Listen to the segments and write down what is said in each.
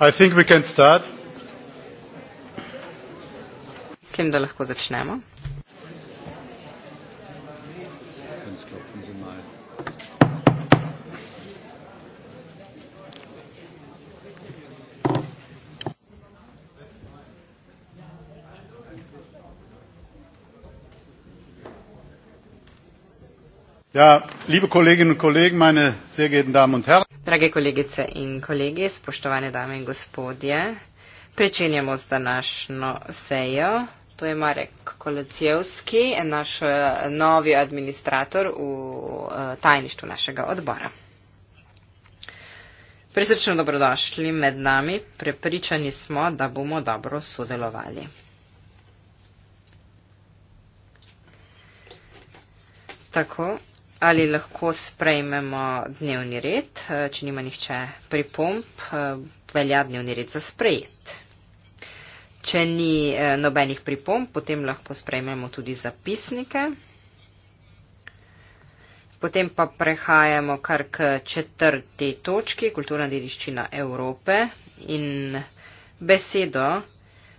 I think we can start. Mislim, da lahko začnemo. Ja, liebe Kolleginnen und Kollegen, meine sehr geehrten Damen und Herren. Drage kolegice in kolegi, spoštovane dame in gospodje, prečenjamo z današnjo sejo. To je Marek Kolecijevski, naš eh, novi administrator v eh, tajništvu našega odbora. Prisrčno dobrodošli med nami, prepričani smo, da bomo dobro sodelovali. Tako, Ali lahko sprejmemo dnevni red, eh, če nima nihče pripomp, eh, velja dnevni red za sprejet. Če ni eh, nobenih pripomp, potem lahko sprejmemo tudi zapisnike. Potem pa prehajamo kar k četrti točki, kulturna dediščina Evrope in besedo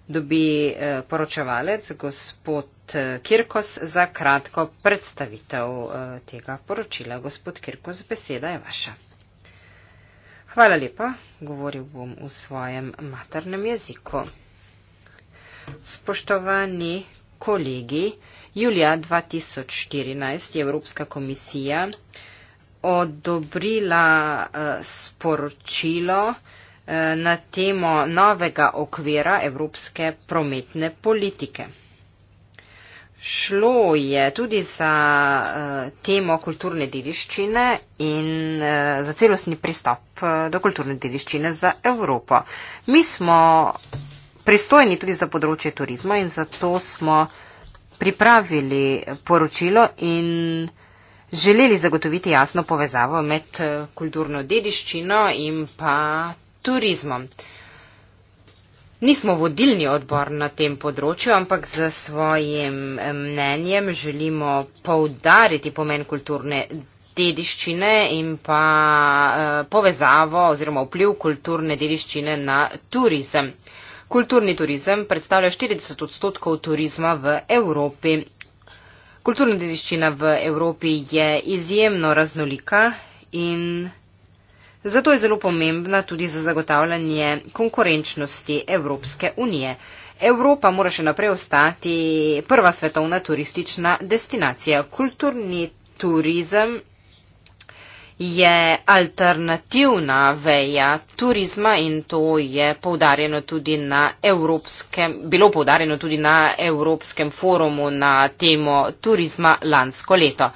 dobi eh, poročevalec gospod eh, Kirkos za kratko predstavitev eh, tega poročila. Gospod Kirkos, beseda je vaša. Hvala lepa, govoril bom v svojem maternem jeziku. Spoštovani kolegi, julija 2014 je Evropska komisija odobrila sporočilo, na temo novega okvira evropske prometne politike. Šlo je tudi za eh, temo kulturne dediščine in eh, za celostni pristop eh, do kulturne dediščine za Evropo. Mi smo pristojni tudi za področje turizma in zato smo pripravili poročilo in želeli zagotoviti jasno povezavo med kulturno dediščino in pa turizmom. Nismo vodilni odbor na tem področju, ampak za svojim eh, mnenjem želimo poudariti pomen kulturne dediščine in pa eh, povezavo oziroma vpliv kulturne dediščine na turizem. Kulturni turizem predstavlja 40 odstotkov turizma v Evropi. Kulturna dediščina v Evropi je izjemno raznolika in Zato je zelo pomembna tudi za zagotavljanje konkurenčnosti Evropske unije. Evropa mora še naprej ostati prva svetovna turistična destinacija. Kulturni turizem je alternativna veja turizma in to je poudarjeno tudi na evropskem, bilo poudarjeno tudi na Evropskem forumu na temo turizma lansko leto.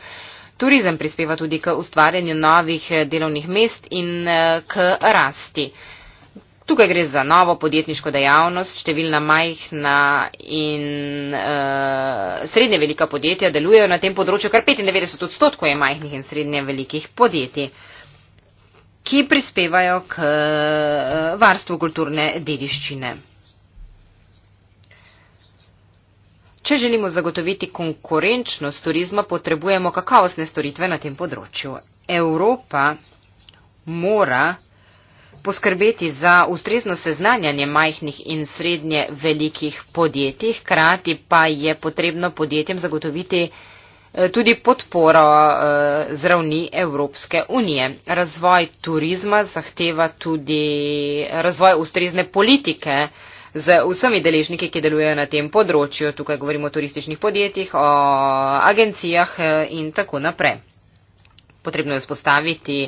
Turizem prispeva tudi k ustvarjanju novih eh, delovnih mest in eh, k rasti. Tukaj gre za novo podjetniško dejavnost, številna majhna in e, srednje velika podjetja delujejo na tem področju, kar 95 odstotkov je majhnih in srednje velikih podjetij, ki prispevajo k varstvu kulturne dediščine. Če želimo zagotoviti konkurenčnost turizma, potrebujemo kakavosne storitve na tem področju. Evropa mora poskrbeti za ustrezno seznanjanje majhnih in srednje velikih podjetij, hkrati pa je potrebno podjetjem zagotoviti eh, tudi podporo eh, z ravni Evropske unije. Razvoj turizma zahteva tudi razvoj ustrezne politike z vsemi deležniki, ki delujejo na tem področju. Tukaj govorimo o turističnih podjetjih, o agencijah eh, in tako naprej. Potrebno je spostaviti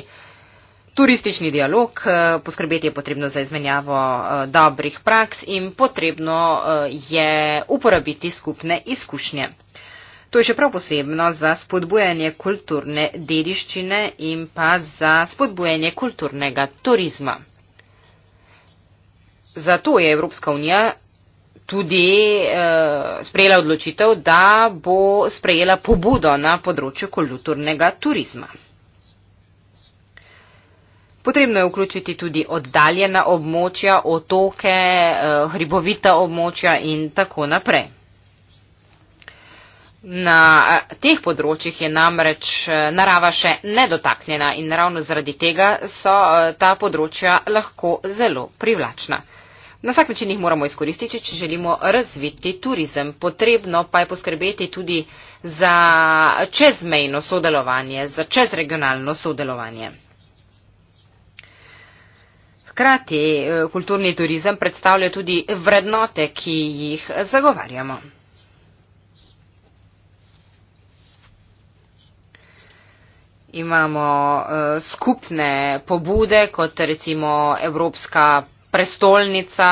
turistični dialog, eh, poskrbeti je potrebno za izmenjavo eh, dobrih praks in potrebno je uporabiti skupne izkušnje. To je še prav posebno za spodbujanje kulturne dediščine in pa za spodbujanje kulturnega turizma. Zato je Evropska unija tudi uh, sprejela odločitev, da bo sprejela pobudo na področju kulturnega turizma. Potrebno je vključiti tudi oddaljena območja, otoke, uh, hribovita območja in tako naprej. Na eh, teh področjih je namreč narava še nedotaknjena in ravno zaradi tega so ta področja lahko zelo privlačna. Na vsak način jih moramo izkoristiti, če želimo razviti turizem. Potrebno pa je poskrbeti tudi za čezmejno sodelovanje, za čezregionalno sodelovanje. Hkrati eh, kulturni turizem predstavlja tudi vrednote, ki jih zagovarjamo. Imamo eh, skupne pobude, kot recimo Evropska prestolnica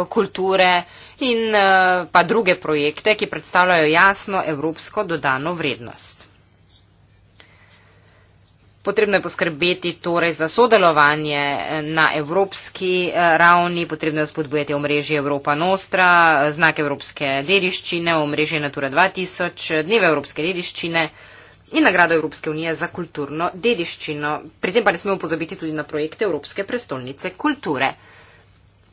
eh, kulture in eh, pa druge projekte, ki predstavljajo jasno evropsko dodano vrednost. Potrebno je poskrbeti torej za sodelovanje eh, na evropski ravni, potrebno je spodbujati omrežje Evropa Nostra, znak evropske dediščine, omrežje Natura 2000, dneve evropske dediščine in nagrado Evropske unije za kulturno dediščino. Pri tem pa ne smemo pozabiti tudi na projekte Evropske prestolnice kulture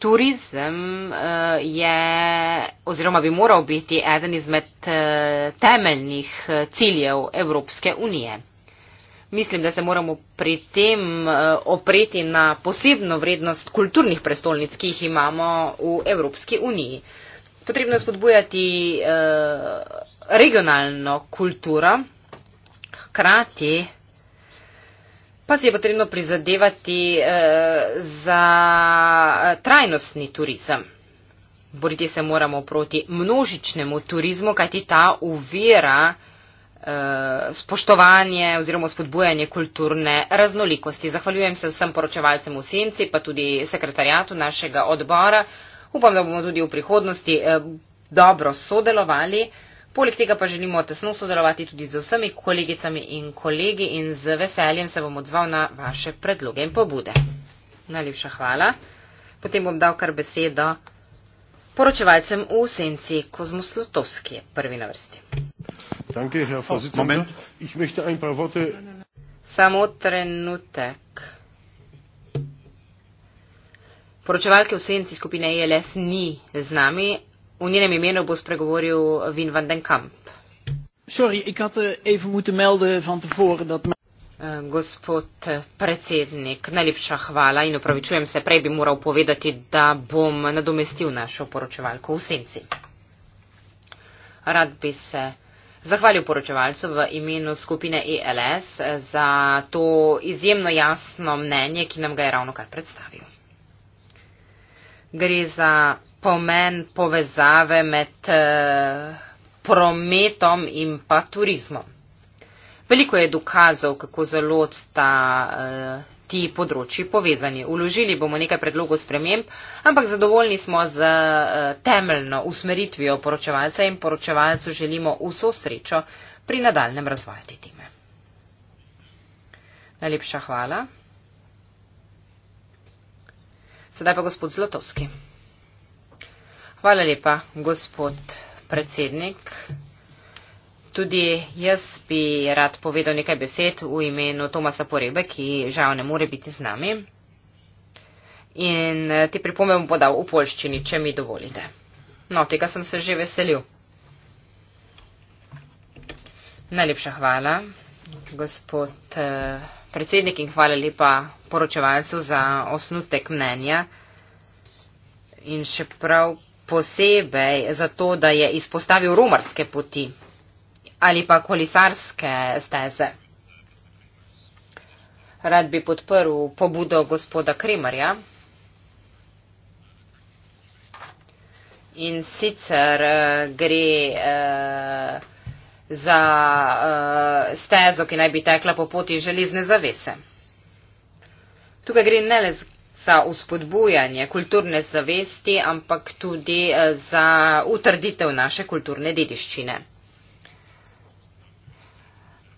turizem eh, je oziroma bi moral biti eden izmed eh, temeljnih eh, ciljev Evropske unije. Mislim, da se moramo pri tem opreti na posebno vrednost kulturnih prestolnic, ki jih imamo v Evropski uniji. Potrebno je spodbujati regionalno kulturo, hkrati Pa si je potrebno prizadevati eh, za eh, trajnostni turizem. Boriti se moramo proti množičnemu turizmu, kajti ta uvira eh, spoštovanje oziroma spodbujanje kulturne raznolikosti. Zahvaljujem se vsem poročevalcem v Senci, pa tudi sekretarjatu našega odbora. Upam, da bomo tudi v prihodnosti eh, dobro sodelovali. Eh, Poleg tega pa želimo tesno sodelovati tudi z vsemi kolegicami in kolegi in z veseljem se bom odzval na vaše predloge in pobude. Najlepša hvala. Potem bom dal kar besedo poročevalcem v senci Kozmos Lutovski, prvi na vrsti. Danke, oh, Worte... No, no, no, Samo trenutek. Poročevalke v senci skupine ELS ni z nami, V njenem imenu bo spregovoril Vin van den Kamp. Sorry, ik had eh, even moeten melden van tevoren dat. Eh, gospod predsednik, najlepša hvala in upravičujem se, prej bi moral povedati, da bom nadomestil našo poročevalko v senci. Rad bi se zahvalil poročevalcu v imenu skupine ELS eh, za to izjemno jasno mnenje, ki nam ga je ravno kar predstavil. Gre za pomen povezave med eh, prometom in pa turizmom. Veliko je dokazov, kako zelo sta eh, ti področji povezani. Uložili bomo nekaj predlogov sprememb, ampak zadovoljni smo z eh, temeljno usmeritvijo poročevalca in poročevalcu želimo vso srečo pri nadaljem razvoju te time. Najlepša hvala. Sedaj pa gospod Zlotovski. Hvala lepa, gospod predsednik. Tudi jaz bi rad povedal nekaj besed v imenu Tomasa Porebe, ki žal ne more biti z nami. In eh, ti pripombe bom podal v polščini, če mi dovolite. No, tega sem se že veselil. Najlepša hvala, gospod eh, predsednik, in hvala lepa poročevalcu za osnutek mnenja. In še prav posebej zato, da je izpostavil romarske poti ali pa kolisarske steze. Rad bi podprl pobudo gospoda Kremarja. In sicer eh, gre eh, za eh, stezo, ki naj bi tekla po poti železne zavese. Tukaj gre ne le za uspodbujanje kulturne zavesti, ampak tudi eh, za utrditev naše kulturne dediščine.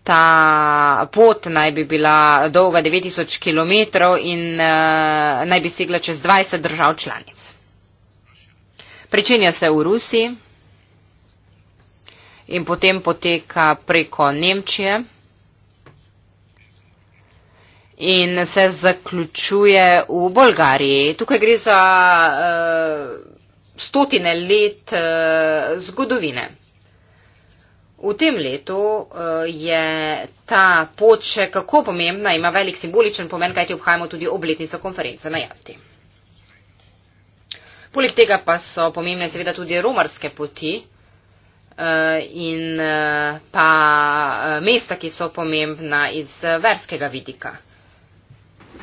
Ta pot naj bi bila dolga 9000 km in uh, naj bi segla čez 20 držav članic. Pričenja se v Rusiji in potem poteka preko Nemčije in se zaključuje v Bolgariji. Tukaj gre za uh, stotine let uh, zgodovine. V tem letu uh, je ta pot še kako pomembna, ima velik simboličen pomen, kajti obhajamo tudi obletnico konference na Jalti. Poleg tega pa so pomembne seveda tudi romarske poti in pa mesta, ki so pomembna iz verskega vidika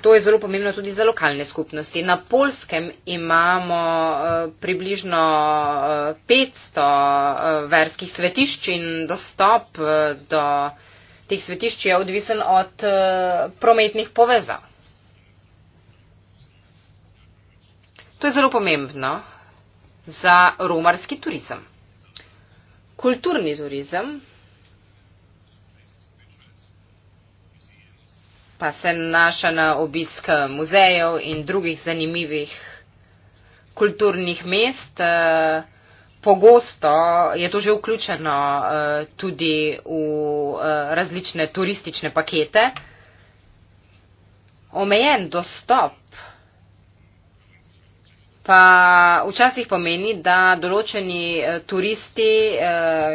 to je zelo pomembno tudi za lokalne skupnosti. Na polskem imamo eh, približno 500 eh, eh, verskih svetišč in dostop do teh svetišč je odvisen od prometnih povezav. To je zelo pomembno za romarski turizem. Kulturni turizem pa se nanaša na obisk eh, muzejev in drugih zanimivih kulturnih mest. Eh, pogosto je to že vključeno eh, tudi v različne turistične pakete. Omejen dostop pa včasih pomeni, da določeni turisti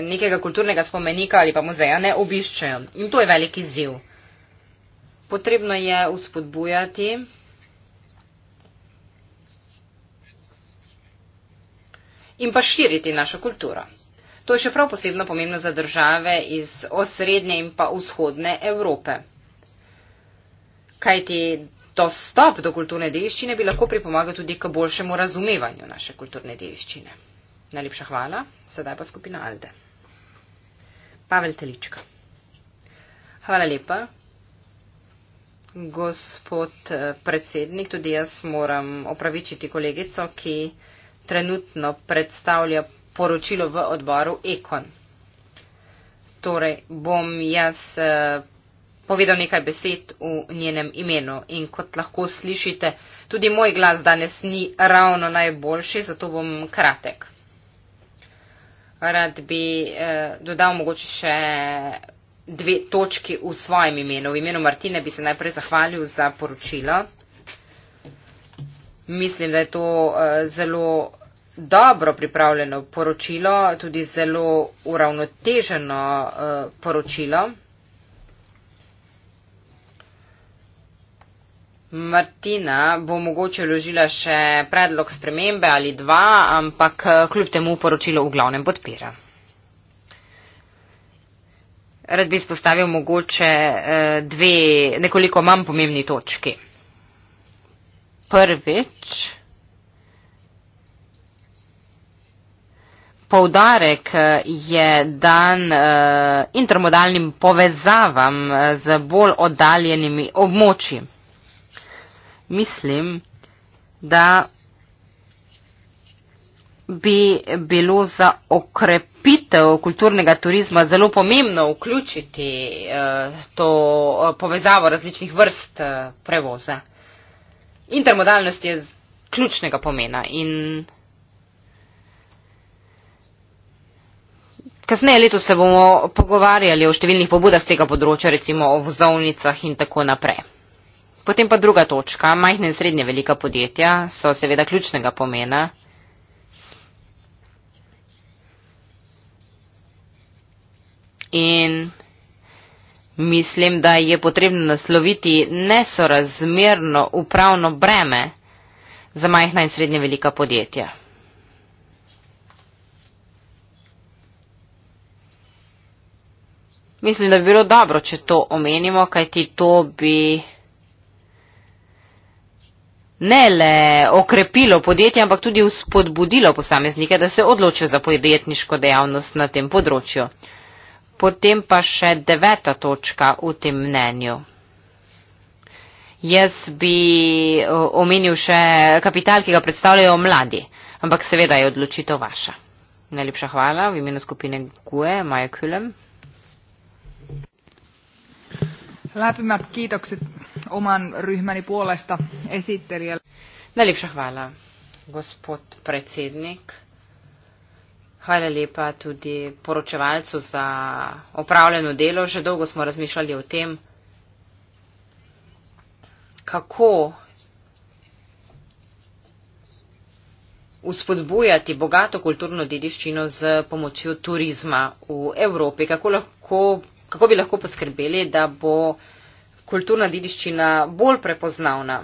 nekega kulturnega spomenika ali pa muzeja ne obiščejo. In to je veliki ziv. Potrebno je uspodbujati in pa širiti našo kulturo. To je še prav posebno pomembno za države iz osrednje in pa vzhodne Evrope. Kajti dostop do kulturne dediščine bi lahko pripomagal tudi k boljšemu razumevanju naše kulturne dediščine. Najlepša hvala, sedaj pa skupina Alde. Pavel Telička. Hvala lepa. Gospod eh, predsednik, tudi jaz moram opravičiti kolegico, ki trenutno predstavlja poročilo v odboru Ekon. Torej bom jaz eh, povedal nekaj besed v njenem imenu in kot lahko slišite, tudi moj glas danes ni ravno najboljši, zato bom kratek. Rad bi eh, dodal mogoče še dve točki v svojem imenu. V imenu Martine bi se najprej zahvalil za poročilo. Mislim, da je to uh, zelo dobro pripravljeno poročilo, tudi zelo uravnoteženo uh, poročilo. Martina bo mogoče vložila še predlog spremembe ali dva, ampak eh, kljub temu poročilo v glavnem podpira. Rad bi izpostavil mogoče eh, dve nekoliko manj pomembni točki. Prvič, poudarek eh, je dan eh, intermodalnim povezavam z bolj oddaljenimi območji. Mislim, da bi bilo za okrepitev kulturnega turizma zelo pomembno vključiti eh, to eh, povezavo različnih vrst eh, prevoza. Intermodalnost je ključnega pomena in kasneje leto se bomo pogovarjali o številnih pobudah z tega področja, recimo o vzovnicah in tako naprej. Potem pa druga točka, majhne in srednje velika podjetja so seveda ključnega pomena. In mislim, da je potrebno nasloviti nesorazmerno upravno breme za majhna in srednje velika podjetja. Mislim, da bi bilo dobro, če to omenimo, kajti to bi ne le okrepilo podjetje, ampak tudi uspodbudilo posameznike, da se odločijo za podjetniško dejavnost na tem področju. Potem pa še deveta točka v tem mnenju. Jaz bi eh, omenil še kapital, ki ga predstavljajo mladi, ampak seveda je odločitev vaša. Najlepša hvala v imenu skupine GUE, Maja Kulem. Lepima, kiitokset oman ryhmani puolesta esittelijälle. Najlepša hvala, gospod predsednik. Hvala lepa tudi poročevalcu za opravljeno delo. Že dolgo smo razmišljali o tem, kako uspodbujati bogato kulturno dediščino z pomočjo turizma v Evropi. Kako, lahko, kako bi lahko poskrbeli, da bo kulturna dediščina bolj prepoznavna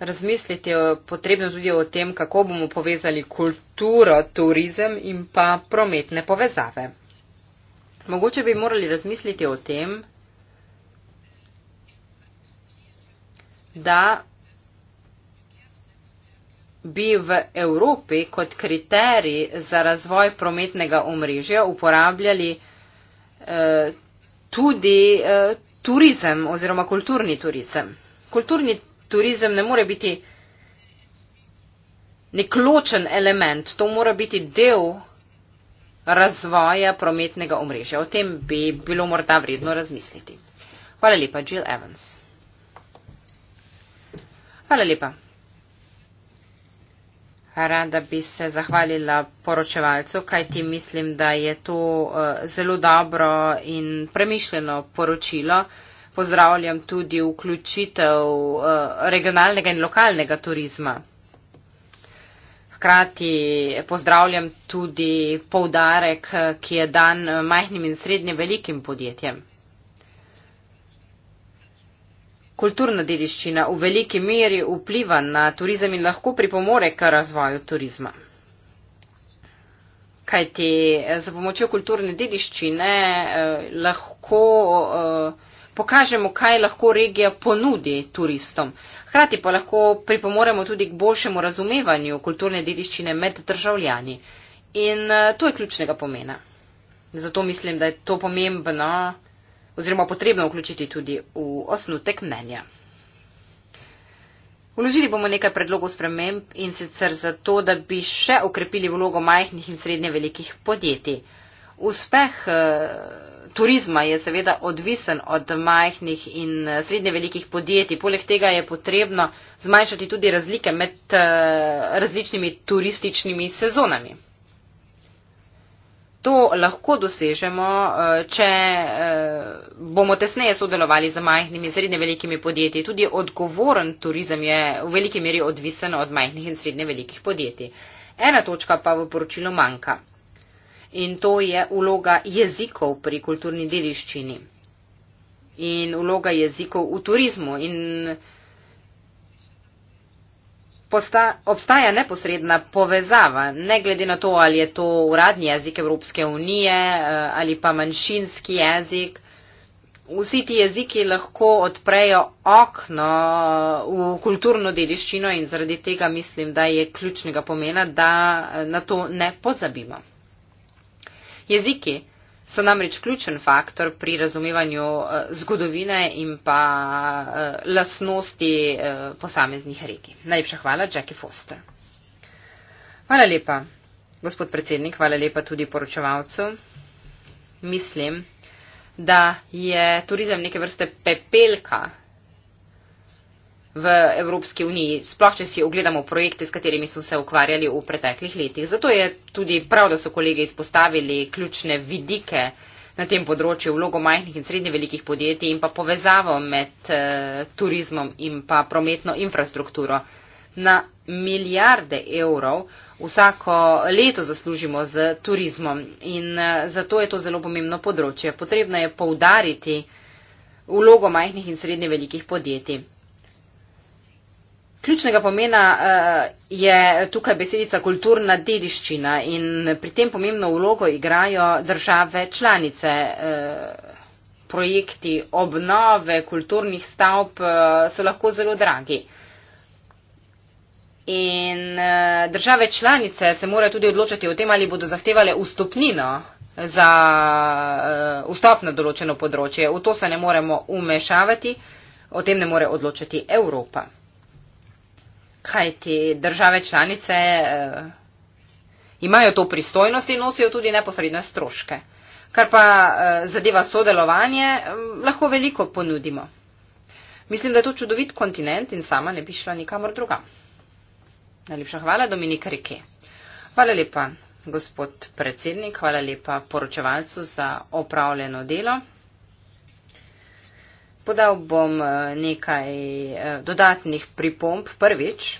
razmisliti je potrebno tudi o tem, kako bomo povezali kulturo, turizem in pa prometne povezave. Mogoče bi morali razmisliti o tem, da bi v Evropi kot kriterij za razvoj prometnega omrežja uporabljali eh, tudi eh, turizem oziroma kulturni turizem. Kulturni turizem ne more biti nekločen element, to mora biti del razvoja prometnega omrežja. O tem bi bilo morda vredno razmisliti. Hvala lepa, Jill Evans. Hvala lepa. Rada bi se zahvalila poročevalcu, kajti mislim, da je to eh, zelo dobro in premišljeno poročilo pozdravljam tudi vključitev eh, regionalnega in lokalnega turizma. Hkrati pozdravljam tudi poudarek, eh, ki je dan eh, majhnim in srednje velikim podjetjem. Kulturna dediščina v veliki meri vpliva na turizem in lahko pripomore k razvoju turizma. Kajti za pomočjo kulturne dediščine eh, lahko eh, pokažemo, kaj lahko regija ponudi turistom. Hkrati pa lahko pripomoremo tudi k boljšemu razumevanju kulturne dediščine med državljani. In eh, to je ključnega pomena. Zato mislim, da je to pomembno oziroma potrebno vključiti tudi v osnutek mnenja. Vložili bomo nekaj predlogov sprememb in sicer zato, da bi še okrepili vlogo majhnih in srednje velikih podjetij uspeh eh, turizma je seveda odvisen od majhnih in eh, srednje velikih podjetij. Poleg tega je potrebno zmanjšati tudi razlike med eh, različnimi turističnimi sezonami. To lahko dosežemo, če bomo tesneje sodelovali z majhnimi in srednje velikimi podjetji. Tudi odgovoren turizem je v veliki meri odvisen od majhnih in srednje velikih podjetij. Ena točka pa v poročilu manjka in to je vloga jezikov pri kulturni dediščini in vloga jezikov v turizmu. In posta, obstaja neposredna povezava, ne glede na to, ali je to uradni jezik Evropske unije eh, ali pa manjšinski jezik. Vsi ti jeziki lahko odprejo okno eh, v kulturno dediščino in zaradi tega mislim, da je ključnega pomena, da eh, na to ne pozabimo. Jeziki so namreč ključen faktor pri razumevanju eh, zgodovine in pa eh, lasnosti eh, posameznih regij. Najlepša hvala, Jackie Foster. Hvala lepa, gospod predsednik, hvala lepa tudi poročevalcu. Mislim, da je turizem neke vrste pepelka v Evropski uniji, sploh če si ogledamo projekte, s katerimi smo se ukvarjali v preteklih letih. Zato je tudi prav, da so kolege izpostavili ključne vidike na tem področju vlogo majhnih in srednje velikih podjetij in pa povezavo med e, turizmom in pa prometno infrastrukturo. Na milijarde evrov vsako leto zaslužimo z turizmom in e, zato je to zelo pomembno področje. Potrebno je poudariti vlogo majhnih in srednje velikih podjetij. Ključnega pomena uh, je tukaj besedica kulturna dediščina in pri tem pomembno vlogo igrajo države članice. Uh, projekti obnove kulturnih stavb uh, so lahko zelo dragi. In uh, države članice se morajo tudi odločiti o tem, ali bodo zahtevale ustopnino za uh, vstop na določeno področje. V to se ne moremo umešavati, o tem ne more odločiti Evropa kaj ti države članice eh, imajo to pristojnost in nosijo tudi neposredne stroške. Kar pa eh, zadeva sodelovanje, eh, lahko veliko ponudimo. Mislim, da je to čudovit kontinent in sama ne bi šla nikamor druga. Najlepša hvala, Dominika Rike. Hvala lepa, gospod predsednik, hvala lepa poročevalcu za opravljeno delo. Podal bom eh, nekaj eh, dodatnih pripomb. Prvič,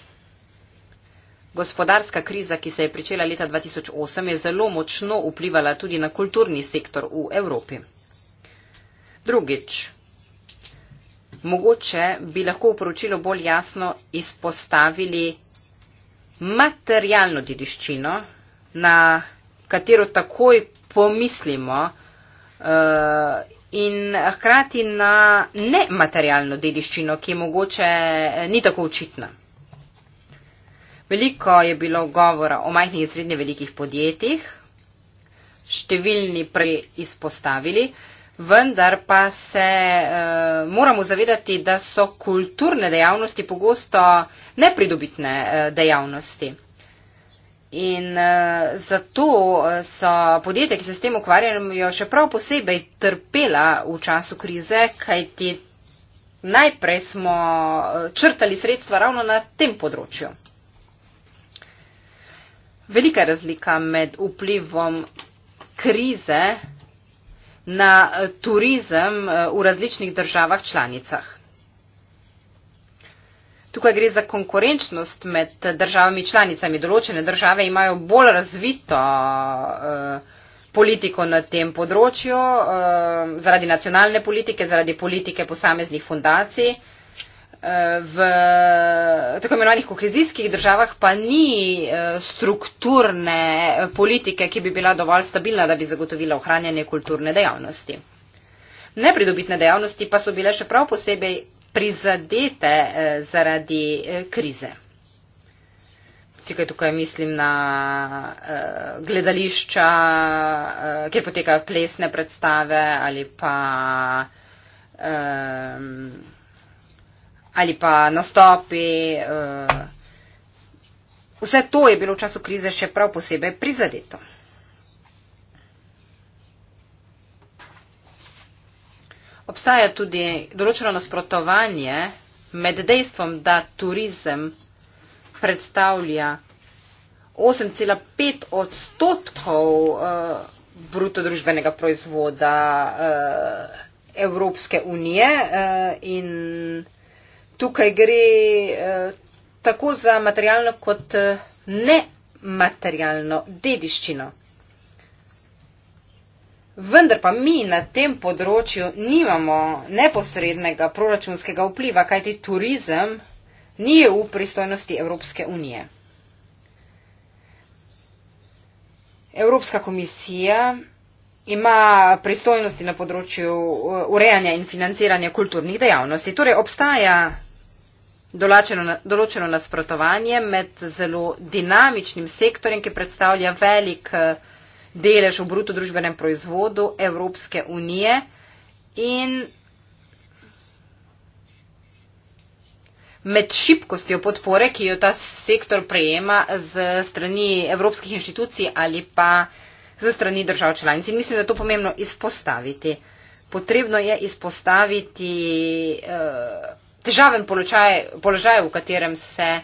gospodarska kriza, ki se je pričela leta 2008, je zelo močno vplivala tudi na kulturni sektor v Evropi. Drugič, mogoče bi lahko v poročilu bolj jasno izpostavili materialno dediščino, na katero takoj pomislimo eh, in hkrati na nematerialno dediščino, ki mogoče eh, ni tako očitna. Veliko je bilo govora o majhnih in srednje velikih podjetjih, številni prej izpostavili, vendar pa se e, moramo zavedati, da so kulturne dejavnosti pogosto nepridobitne e, dejavnosti. In uh, zato eh, so podjetja, ki se s tem ukvarjajo, še prav posebej trpela v času krize, kajti najprej smo eh, črtali sredstva ravno na tem področju. Velika razlika med vplivom krize na turizem v različnih državah članicah. Tukaj gre za konkurenčnost med državami članicami. Določene države imajo bolj razvito eh, politiko na tem področju eh, zaradi nacionalne politike, zaradi politike posameznih fundacij. Eh, v tako imenovanih kohezijskih državah pa ni strukturne politike, ki bi bila dovolj stabilna, da bi zagotovila ohranjanje kulturne dejavnosti. Nepridobitne dejavnosti pa so bile še prav posebej prizadete eh, zaradi eh, krize. Cikaj tukaj mislim na uh, gledališča, uh, kjer potekajo plesne predstave ali pa, uh, ali pa nastopi. Uh, vse to je bilo v času krize še prav posebej prizadeto. obstaja tudi določeno nasprotovanje med dejstvom, da turizem predstavlja 8,5 odstotkov eh, brutodružbenega proizvoda eh, Evropske unije eh, in tukaj gre tako za materialno kot nematerialno dediščino. Vendar pa mi na tem področju nimamo neposrednega proračunskega vpliva, kajti turizem ni v pristojnosti Evropske unije. Evropska komisija ima pristojnosti na področju uh, urejanja in financiranja kulturnih dejavnosti, torej obstaja določeno, določeno nasprotovanje med zelo dinamičnim sektorjem, ki predstavlja velik uh, delež v bruto družbenem proizvodu Evropske unije in med šibkostjo podpore, ki jo ta sektor prejema z strani evropskih inštitucij ali pa z strani držav članic. In mislim, da je to pomembno izpostaviti. Potrebno je izpostaviti uh, težaven položaj, položaj, v katerem se.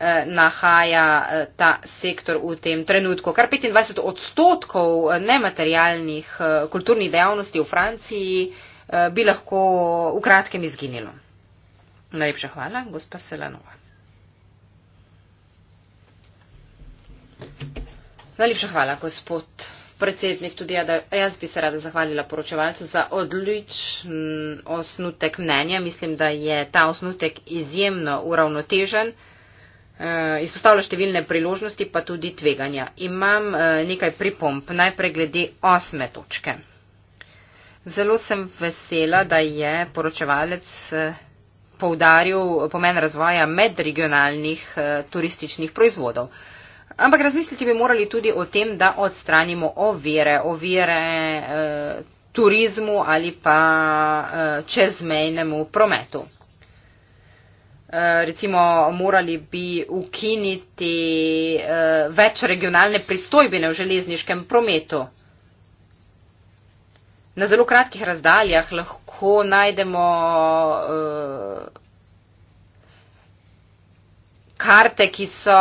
Eh, nahaja eh, ta sektor v tem trenutku. Kar 25 odstotkov eh, nematerialnih kulturnih dejavnosti v Franciji bi lahko v kratkem izginilo. Najlepša hvala, gospa Selanova. Najlepša hvala, gospod predsednik. Tudi jaz bi se rada zahvalila poročevalcu za odličen osnutek mnenja. Mislim, da je ta osnutek izjemno uravnotežen. Eh, izpostavlja številne priložnosti, pa tudi tveganja. Imam eh, nekaj pripomp, najprej glede osme točke. Zelo sem vesela, da je poročevalec eh, poudaril pomen razvoja medregionalnih turističnih proizvodov. Ampak razmisliti bi morali tudi o tem, da odstranimo ovire, ovire turizmu ali pa čezmejnemu prometu. Eh, recimo morali bi ukiniti uh, več regionalne pristojbine v železniškem prometu. Na zelo kratkih razdaljah lahko najdemo uh, karte, ki so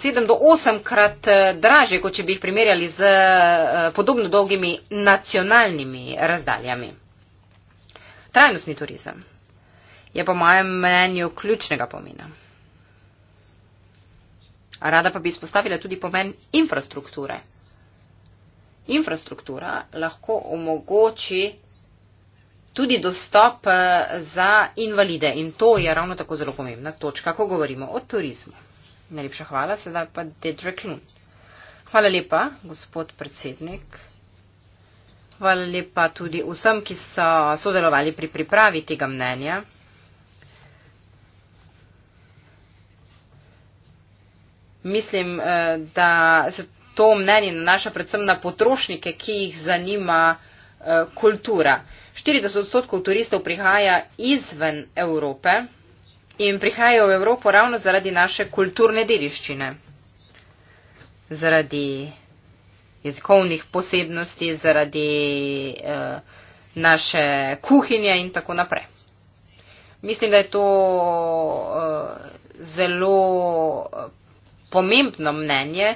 7 do 8 krat dražje, kot če bi jih primerjali z uh, podobno dolgimi nacionalnimi razdaljami. Trajnostni turizem je po mojem mnenju ključnega pomena. Rada pa bi spostavila tudi pomen infrastrukture. Infrastruktura lahko omogoči tudi dostop eh, za invalide in to je ravno tako zelo pomembna točka, ko govorimo o turizmu. Najlepša hvala, sedaj pa Dedrick Lund. Hvala lepa, gospod predsednik. Hvala lepa tudi vsem, ki so sodelovali pri pripravi tega mnenja. mislim, eh, da se to mnenje nanaša predvsem na potrošnike, ki jih zanima eh, kultura. 40 odstotkov turistov prihaja izven Evrope in prihajajo v Evropo ravno zaradi naše kulturne dediščine. Zaradi jezikovnih posebnosti, zaradi eh, naše kuhinje in tako naprej. Mislim, da je to eh, zelo pomembno mnenje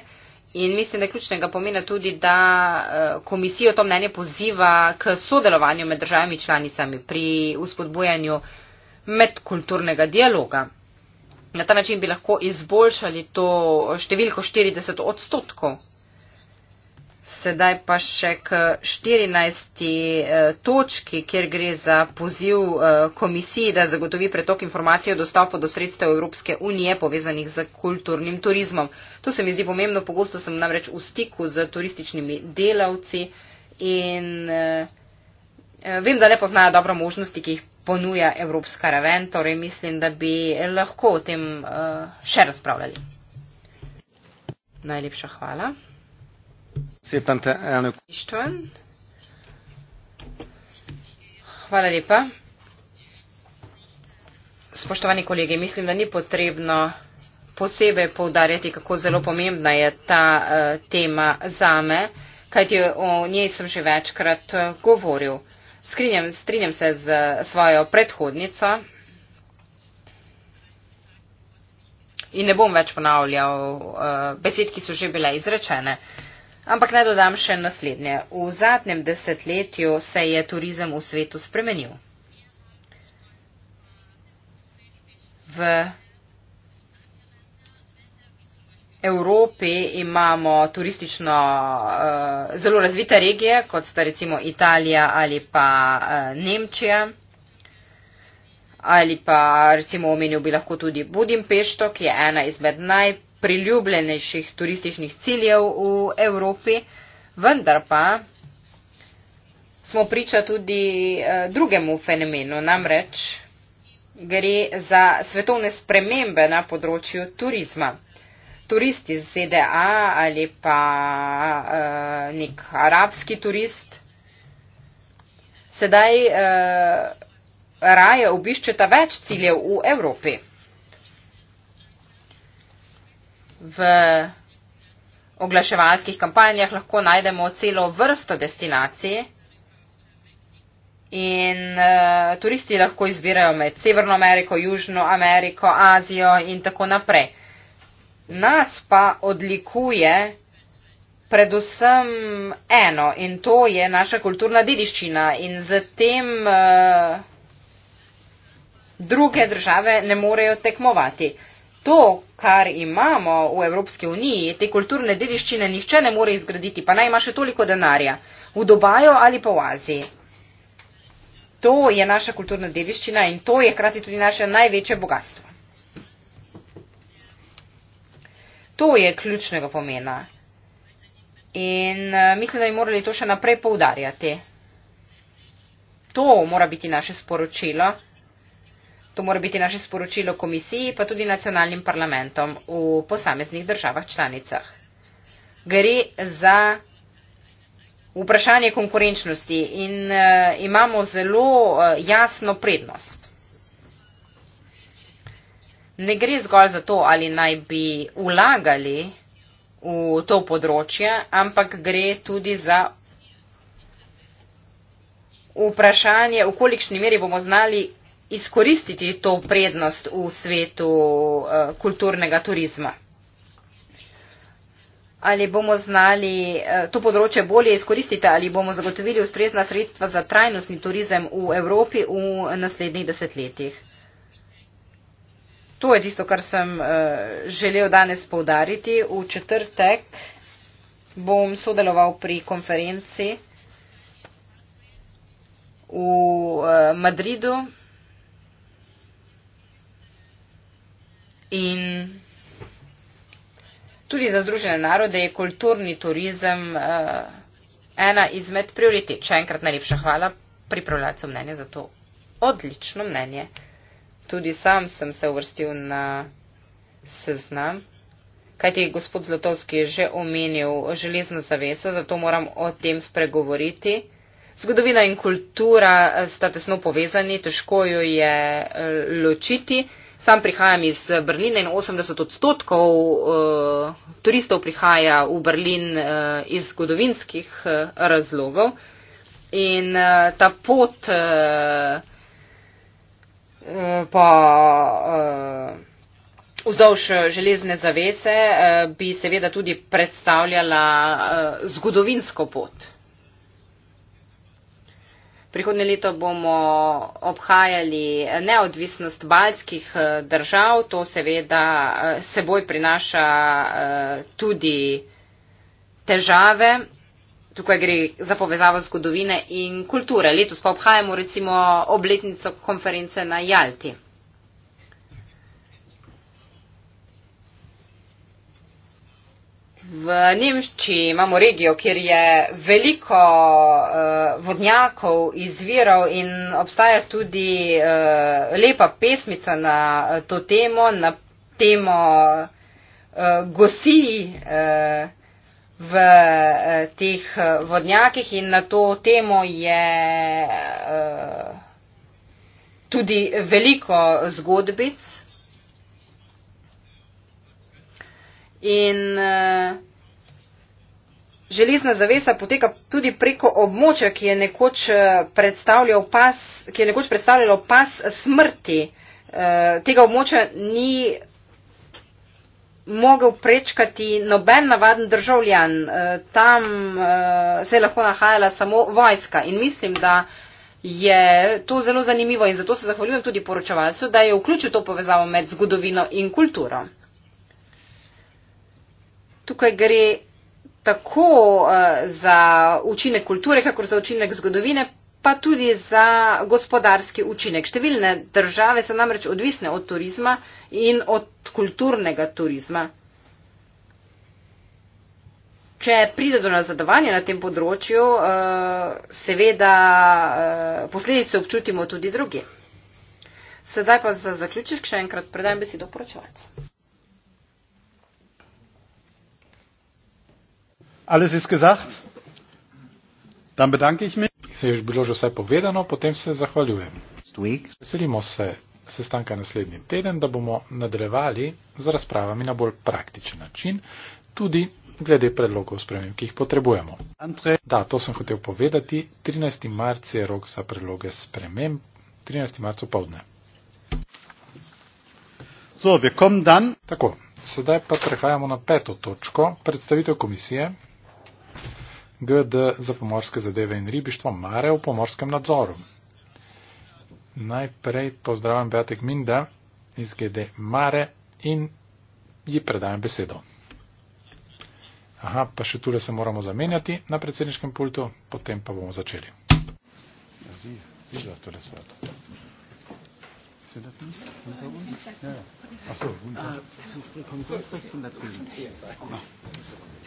in mislim, da je ključnega pomena tudi, da eh, komisijo to mnenje poziva k sodelovanju med državami članicami pri uspodbujanju medkulturnega dialoga. Na ta način bi lahko izboljšali to številko 40 odstotkov Sedaj pa še k 14. Eh, točki, kjer gre za poziv eh, komisiji, da zagotovi pretok informacij o dostopu do sredstev Evropske unije povezanih z kulturnim turizmom. To se mi zdi pomembno, pogosto sem namreč v stiku z turističnimi delavci in eh, vem, da ne poznajo dobro možnosti, ki jih ponuja Evropska raven, torej mislim, da bi lahko o tem še razpravljali. Najlepša hvala. Szépen te, elnök. István. Hvala lepa. Spoštovani kolegi, mislim, da ni potrebno posebej povdarjati, kako zelo pomembna je ta uh, tema zame, kajti o njej sem že večkrat uh, govoril. Skrinjam, strinjam se z uh, svojo predhodnico in ne bom več ponavljal uh, besed, ki so že bile izrečene. Uh, Ampak naj dodam še naslednje. V zadnjem desetletju se je turizem v svetu spremenil. V Evropi imamo turistično uh, zelo razvite regije, kot sta recimo Italija ali pa uh, Nemčija. Ali pa recimo omenil bi lahko tudi Budimpešto, ki je ena izmed najprej priljubljenejših turističnih ciljev v Evropi, vendar pa smo priča tudi eh, drugemu fenomenu, namreč gre za svetovne spremembe na področju turizma. Turisti iz ZDA ali pa uh, nek arabski turist sedaj uh, raje obiščeta več ciljev v Evropi. v oglaševalskih kampanjah lahko najdemo celo vrsto destinacij in uh, turisti lahko izbirajo med Severno Ameriko, Južno Ameriko, Azijo in tako naprej. Nas pa odlikuje predvsem eno in to je naša kulturna dediščina in z tem uh, druge države ne morejo tekmovati. Uh, to, kar imamo v Evropski uniji, te kulturne dediščine, nihče ne more izgraditi, pa naj ima še toliko denarja, v Dubaju ali pa v Aziji. To je naša kulturna dediščina in to je hkrati tudi naše največje bogatstvo. To je ključnega pomena. In eh, mislim, da bi morali to še naprej poudarjati. To mora biti naše sporočilo. To mora biti naše sporočilo komisiji, pa tudi nacionalnim parlamentom v posameznih državah članicah. Gre za vprašanje konkurenčnosti in uh, imamo zelo uh, jasno prednost. Ne gre zgolj za to, ali naj bi vlagali v to področje, ampak gre tudi za vprašanje, v kolikšni meri bomo znali izkoristiti to prednost v svetu eh, kulturnega turizma? Ali bomo znali eh, to področje bolje izkoristiti ali bomo zagotovili ustrezna sredstva za trajnostni turizem v Evropi v naslednjih desetletjih? To je tisto, kar sem eh, želel danes povdariti. V četrtek bom sodeloval pri konferenci v Madridu. In tudi za Združene narode je kulturni turizem uh, ena izmed prioritet. Še enkrat najlepša hvala pripravljalcu mnenja za to odlično mnenje. Tudi sam sem se uvrstil na seznam. Kajti gospod Zlotovski je že omenil železno zaveso, zato moram o tem spregovoriti. Zgodovina in kultura eh, sta tesno povezani, težko jo je eh, ločiti. Sam prihajam iz Berlina in 80 odstotkov uh, turistov prihaja v Berlin uh, iz zgodovinskih uh, razlogov. In uh, ta pot uh, pa uh, vzdolž železne zavese uh, bi seveda tudi predstavljala uh, zgodovinsko pot. Uh, Prihodne leto bomo obhajali neodvisnost baltskih eh, držav. To seveda eh, seboj prinaša eh, tudi težave. Tukaj gre za povezavo zgodovine in kulture. Letos pa obhajamo recimo obletnico konference na Jalti. V Nemčiji imamo regijo, kjer je veliko uh, vodnjakov izvirov in obstaja tudi uh, lepa pesmica na uh, to temo, na temo uh, gosi uh, v uh, teh uh, vodnjakih in na to temo je uh, tudi veliko zgodbic. Uh, In uh, železna zavesa poteka tudi preko območja, ki je nekoč eh, predstavljal pas, ki je nekoč predstavljalo pas smrti. Uh, tega območja ni mogel prečkati noben navaden državljan. Uh, tam uh, se je lahko nahajala samo vojska. In mislim, da je to zelo zanimivo in zato se zahvaljujem tudi poročevalcu, da je vključil to povezavo med zgodovino in kulturo tukaj gre tako eh, za učinek kulture, kakor za učinek zgodovine, pa tudi za gospodarski učinek. Številne države so namreč odvisne od turizma in od kulturnega turizma. Če pride do nazadovanja na tem področju, eh, seveda eh, posledice občutimo tudi drugi. Sedaj pa za zaključek še enkrat predajam besedo poročevalcu. Alles ist gesagt. Dan bedanke ich mich. Se je bilo že vse povedano, potem se zahvaljujem. Veselimo se sestanka naslednji teden, da bomo nadrevali z razpravami na bolj praktičen način, tudi glede predlogov sprememb, ki jih potrebujemo. Andre. Da, to sem hotel povedati. 13. marc je rok za predloge sprememb. 13. marc opovdne. So, Tako, sedaj pa prehajamo na peto točko, predstavitev komisije. GD za pomorske zadeve in ribištvo Mare v pomorskem nadzoru. Najprej pozdravljam Beatek Minda iz GD Mare in ji predajam besedo. Aha, pa še tule se moramo zamenjati na predsedniškem pultu, potem pa bomo začeli. Ja, ja. Äh, zi, zi,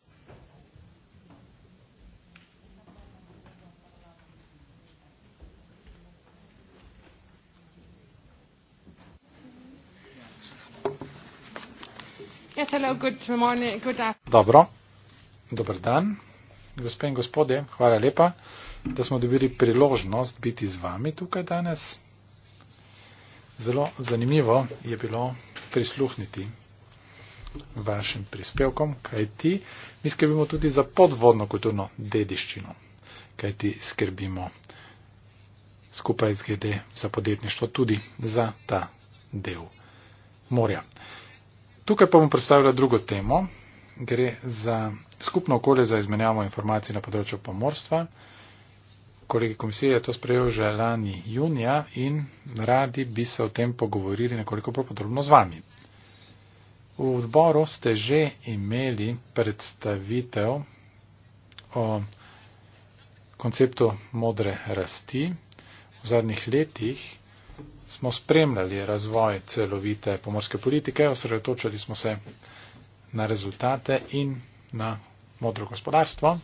Dobro, dober dan, gospe in gospode, hvala lepa, da smo dobili priložnost biti z vami tukaj danes. Zelo zanimivo je bilo prisluhniti vašim prispevkom, kaj ti, mi skrbimo tudi za podvodno kulturno dediščino, kaj ti skrbimo skupaj z GD za podjetništvo tudi za ta del morja. Tukaj pa bom predstavila drugo temo. Gre za skupno okolje za izmenjavo informacij na področju pomorstva. Kolegi komisije je to sprejel že lani junija in radi bi se o tem pogovorili nekoliko bolj podrobno z vami. V odboru ste že imeli predstavitev o konceptu modre rasti. V zadnjih letih smo spremljali razvoj celovite pomorske politike, osredotočali smo se na rezultate in na modro gospodarstvo,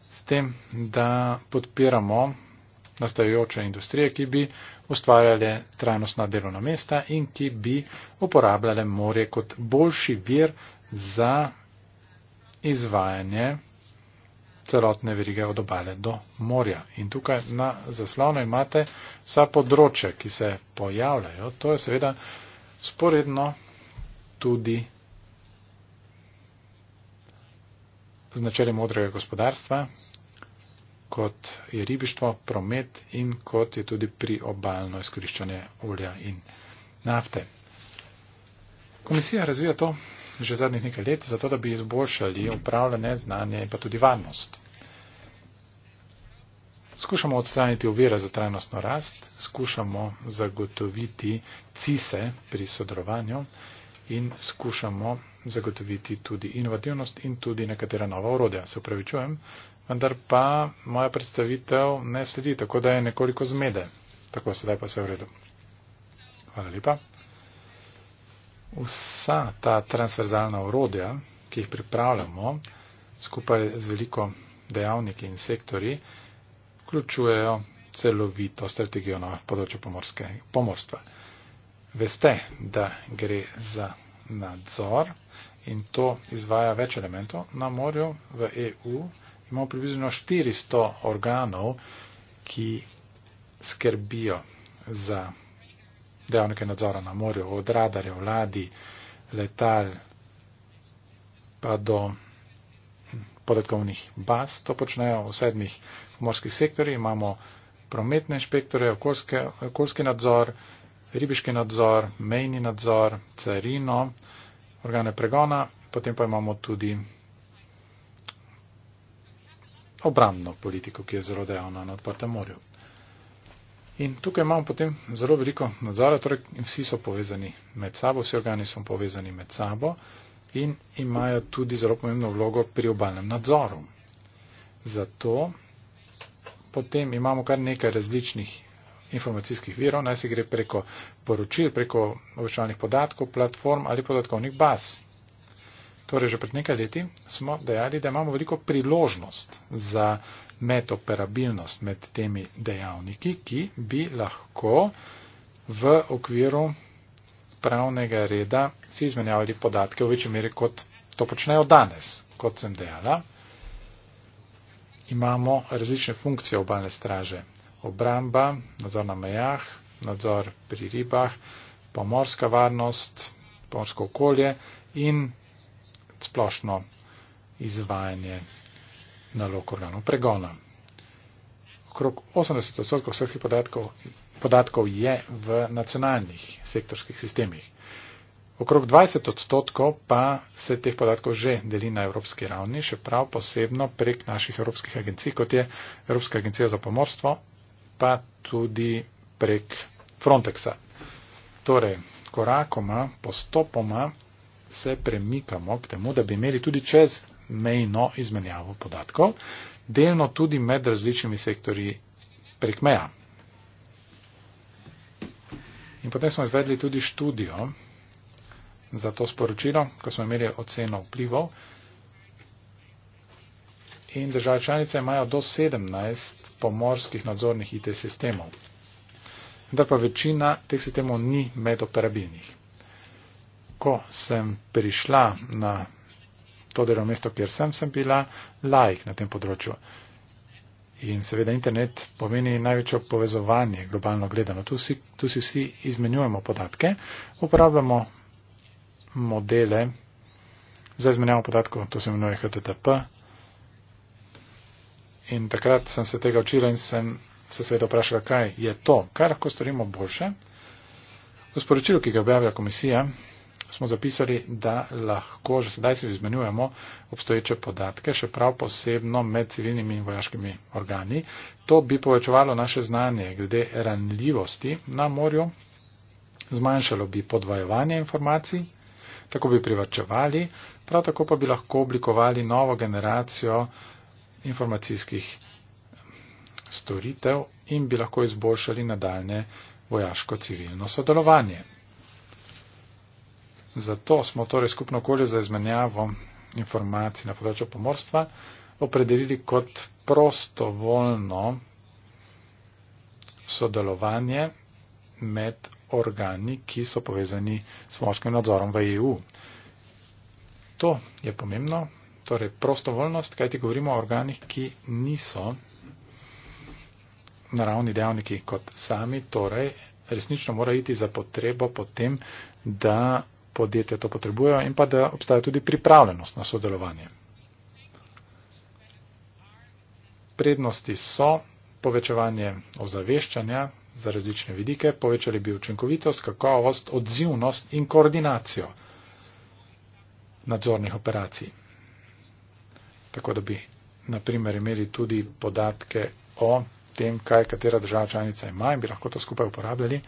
s tem, da podpiramo nastajajoče industrije, ki bi ustvarjale trajnostna delovna mesta in ki bi uporabljale morje kot boljši vir za izvajanje celotne verige od obale do morja. In tukaj na zaslonu imate vsa področja, ki se pojavljajo. To je seveda sporedno tudi z načeli modrega gospodarstva, kot je ribištvo, promet in kot je tudi pri obalno izkoriščanje olja in nafte. Komisija razvija to že zadnjih nekaj let, zato da bi izboljšali upravljanje znanje in pa tudi varnost. Skušamo odstraniti uvira za trajnostno rast, skušamo zagotoviti cise pri sodelovanju in skušamo zagotoviti tudi inovativnost in tudi nekatera nova orodja. Se upravičujem, vendar pa moja predstavitev ne sledi, tako da je nekoliko zmede. Tako sedaj pa se v redu. Hvala lepa vsa ta transverzalna urodja, ki jih pripravljamo, skupaj z veliko dejavniki in sektori, vključujejo celovito strategijo na področju pomorstva. Veste, da gre za nadzor in to izvaja več elementov. Na morju v EU imamo približno 400 organov, ki skrbijo za dejavnike nadzora na morju, od radarja, vladi, letal, pa do hm, podatkovnih baz, to počnejo v sedmih morskih sektorjih, imamo prometne inšpektore, okoljske, okoljski nadzor, ribiški nadzor, mejni nadzor, carino, organe pregona, potem pa imamo tudi obramno politiko, ki je zelo dejavna na odprtem morju. In tukaj imamo potem zelo veliko nadzora, torej vsi so povezani med sabo, vsi organi so povezani med sabo in imajo tudi zelo pomembno vlogo pri obalnem nadzoru. Zato potem imamo kar nekaj različnih informacijskih virov, naj se gre preko poročil, preko obveščevalnih podatkov, platform ali podatkovnih baz. Torej, že pred nekaj leti smo dejali, da imamo veliko priložnost za medoperabilnost med temi dejavniki, ki bi lahko v okviru pravnega reda si izmenjavali podatke v večji meri, kot to počnejo danes, kot sem dejala. Imamo različne funkcije obalne straže. Obramba, nadzor na mejah, nadzor pri ribah, pomorska varnost, pomorsko okolje in splošno izvajanje nalog organov pregona. Okrog 80 odstotkov vseh podatkov, podatkov je v nacionalnih sektorskih sistemih. Okrog 20 odstotkov pa se teh podatkov že deli na evropski ravni, še prav posebno prek naših evropskih agencij, kot je Evropska agencija za pomorstvo, pa tudi prek Frontexa. Torej, korakoma, postopoma se premikamo k temu, da bi imeli tudi čez mejno izmenjavo podatkov, delno tudi med različnimi sektorji prek meja. In potem smo izvedli tudi študijo za to sporočilo, ko smo imeli oceno vplivov. In države članice imajo do 17 pomorskih nadzornih IT sistemov. Da pa večina teh sistemov ni medoperabilnih ko sem prišla na to delovno mesto, kjer sem, sem bila laik na tem področju. In seveda internet pomeni največjo povezovanje globalno gledano. Tu si, tu si vsi izmenjujemo podatke, uporabljamo modele za izmenjavo podatkov, to se imenuje HTTP. In takrat sem se tega učila in sem se seveda vprašala, kaj je to, kaj lahko storimo boljše. V sporočilu, ki ga objavlja komisija, smo zapisali, da lahko že sedaj se izmenjujemo obstoječe podatke, še prav posebno med civilnimi in vojaškimi organi. To bi povečevalo naše znanje glede ranljivosti na morju, zmanjšalo bi podvajovanje informacij, tako bi privačevali, prav tako pa bi lahko oblikovali novo generacijo informacijskih storitev in bi lahko izboljšali nadaljne vojaško-civilno sodelovanje. Zato smo torej skupno okolje za izmenjavo informacij na področju pomorstva opredelili kot prostovoljno sodelovanje med organi, ki so povezani s pomorskim nadzorom v EU. To je pomembno, torej prostovoljnost, kaj ti govorimo o organih, ki niso naravni dejavniki kot sami, torej resnično mora iti za potrebo potem, da podjetja to potrebujejo in pa da obstaja tudi pripravljenost na sodelovanje. Prednosti so povečevanje ozaveščanja za različne vidike, povečali bi učinkovitost, kakovost, odzivnost in koordinacijo nadzornih operacij. Tako da bi naprimer imeli tudi podatke o tem, kaj katera država članica ima in bi lahko to skupaj uporabljali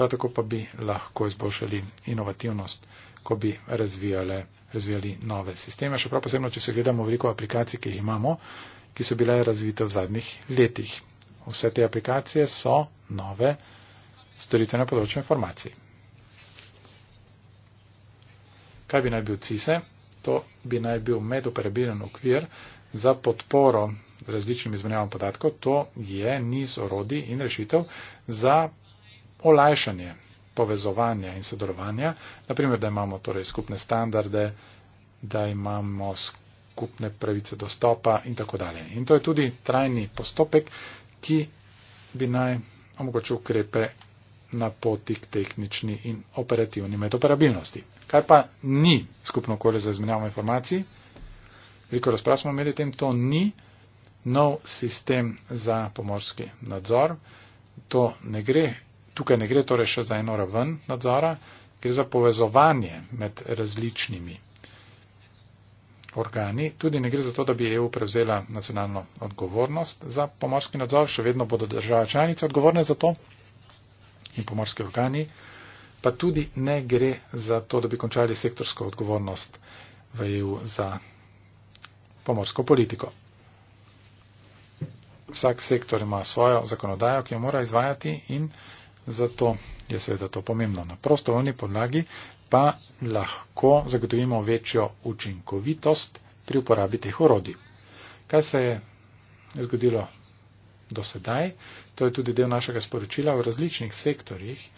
prav tako pa bi lahko izboljšali inovativnost, ko bi razvijale, razvijali nove sisteme, še prav posebno, če se gledamo veliko aplikacij, ki jih imamo, ki so bile razvite v zadnjih letih. Vse te aplikacije so nove storitve na področju informacij. Kaj bi naj bil CISE? To bi naj bil medoperabilen okvir za podporo različnim izmenjavam podatkov. To je niz orodij in rešitev za olajšanje povezovanja in sodelovanja, naprimer, da imamo torej skupne standarde, da imamo skupne pravice dostopa in tako dalje. In to je tudi trajni postopek, ki bi naj omogočil ukrepe na poti k tehnični in operativni metoperabilnosti. Kaj pa ni skupno okolje za izmenjavo informacij? Veliko razprav smo imeli o tem, to ni nov sistem za pomorski nadzor. To ne gre tukaj ne gre torej še za eno raven nadzora, gre za povezovanje med različnimi organi. Tudi ne gre za to, da bi EU prevzela nacionalno odgovornost za pomorski nadzor, še vedno bodo države članice odgovorne za to in pomorski organi. Pa tudi ne gre za to, da bi končali sektorsko odgovornost v EU za pomorsko politiko. Vsak sektor ima svojo zakonodajo, ki jo mora izvajati in Zato je seveda to pomembno. Na prostovoljni podlagi pa lahko zagotovimo večjo učinkovitost pri uporabi teh orodij. Kaj se je zgodilo do sedaj? To je tudi del našega sporočila. V različnih sektorjih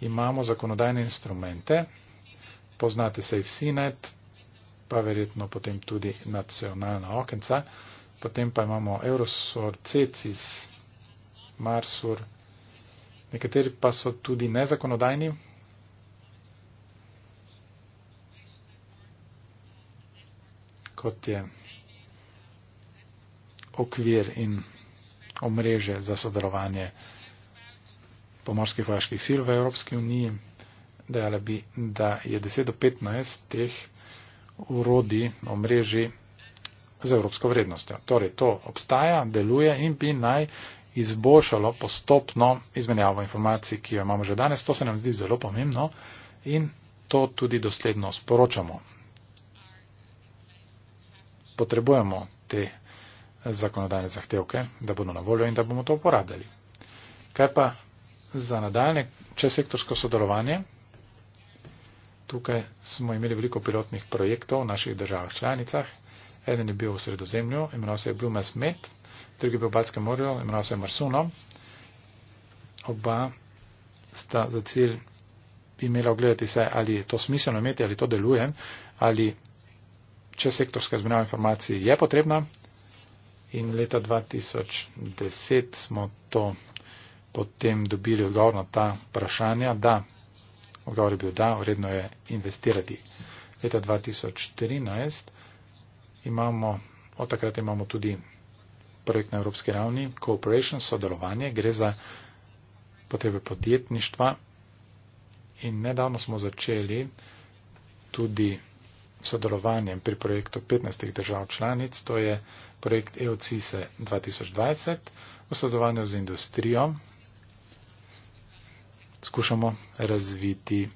imamo zakonodajne instrumente, poznate se jih SINET, pa verjetno potem tudi nacionalna okenca, potem pa imamo Eurosur, CECIS, MARSUR, nekateri pa so tudi nezakonodajni. kot je okvir in omrežje za sodelovanje pomorskih vojaških sil v Evropski uniji, dejala bi, da je 10 do 15 teh urodi omrežji z evropsko vrednostjo. Torej, to obstaja, deluje in bi naj izboljšalo postopno izmenjavo informacij, ki jo imamo že danes. To se nam zdi zelo pomembno in to tudi dosledno sporočamo. Potrebujemo te zakonodajne zahtevke, da bodo na voljo in da bomo to uporabljali. Kaj pa za nadaljne česektorsko sodelovanje? Tukaj smo imeli veliko pilotnih projektov v naših državah članicah. Eden je bil v sredozemlju, imenoval se je Blue Mass Met, drugi po Balskem morju, imenoval se Marsuno. Oba sta za cilj imela ogledati se, ali to smiselno imeti, ali to deluje, ali če sektorska izmenjava informacij je potrebna. In leta 2010 smo to potem dobili odgovor na ta vprašanja, da. Odgovor je bil da, vredno je investirati. Leta 2013 imamo, od takrat imamo tudi projekt na evropski ravni, cooperation, sodelovanje, gre za potrebe podjetništva in nedavno smo začeli tudi sodelovanjem pri projektu 15 držav članic, to je projekt EOCISE e 2020 v sodelovanju z industrijo. Skušamo razviti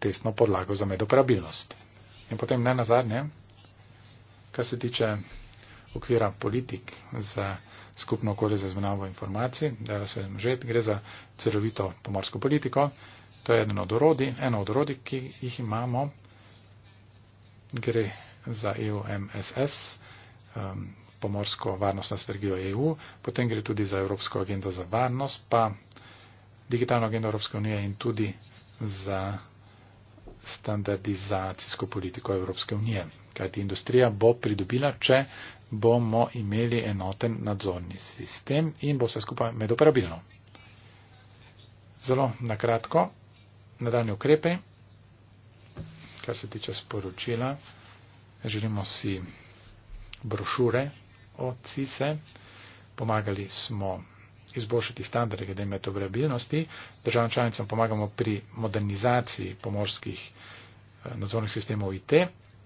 tesno podlago za medoperabilnost. In potem ne nazadnje, kar se tiče okvira politik za skupno okolje za izmenjavo informacij, da se jim že gre za celovito pomorsko politiko. To je eno od orodij, eno od orodij, ki jih imamo, gre za EUMSS, um, pomorsko varnostno strategijo EU, potem gre tudi za Evropsko agendo za varnost, pa digitalno agendo Evropske unije in tudi za standardizacijsko politiko Evropske unije. Kajti industrija bo pridobila, če bomo imeli enoten nadzorni sistem in bo vse skupaj medoperabilno. Zelo nakratko, nadaljne ukrepe, kar se tiče sporočila, želimo si brošure od CISE, pomagali smo izboljšati standarde glede metoperabilnosti, državam članicam pomagamo pri modernizaciji pomorskih eh, nadzornih sistemov IT,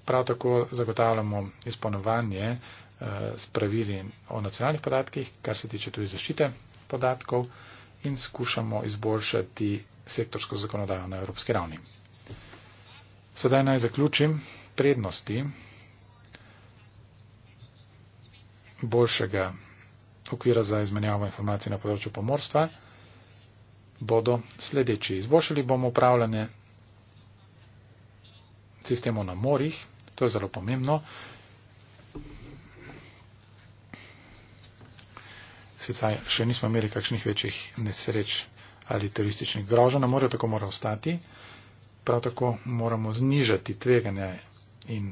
prav tako zagotavljamo izpolnovanje Eh, s pravili o nacionalnih podatkih, kar se tiče tudi zaščite podatkov in skušamo izboljšati sektorsko zakonodajo na evropski ravni. Sedaj naj zaključim prednosti boljšega okvira za izmenjavo informacij na področju pomorstva bodo sledeči. Izboljšali bomo upravljanje sistemov na morjih, to je zelo pomembno. sicer še nismo imeli kakšnih večjih nesreč ali terorističnih grožen, a morajo tako mora ostati. Prav tako moramo znižati tveganje in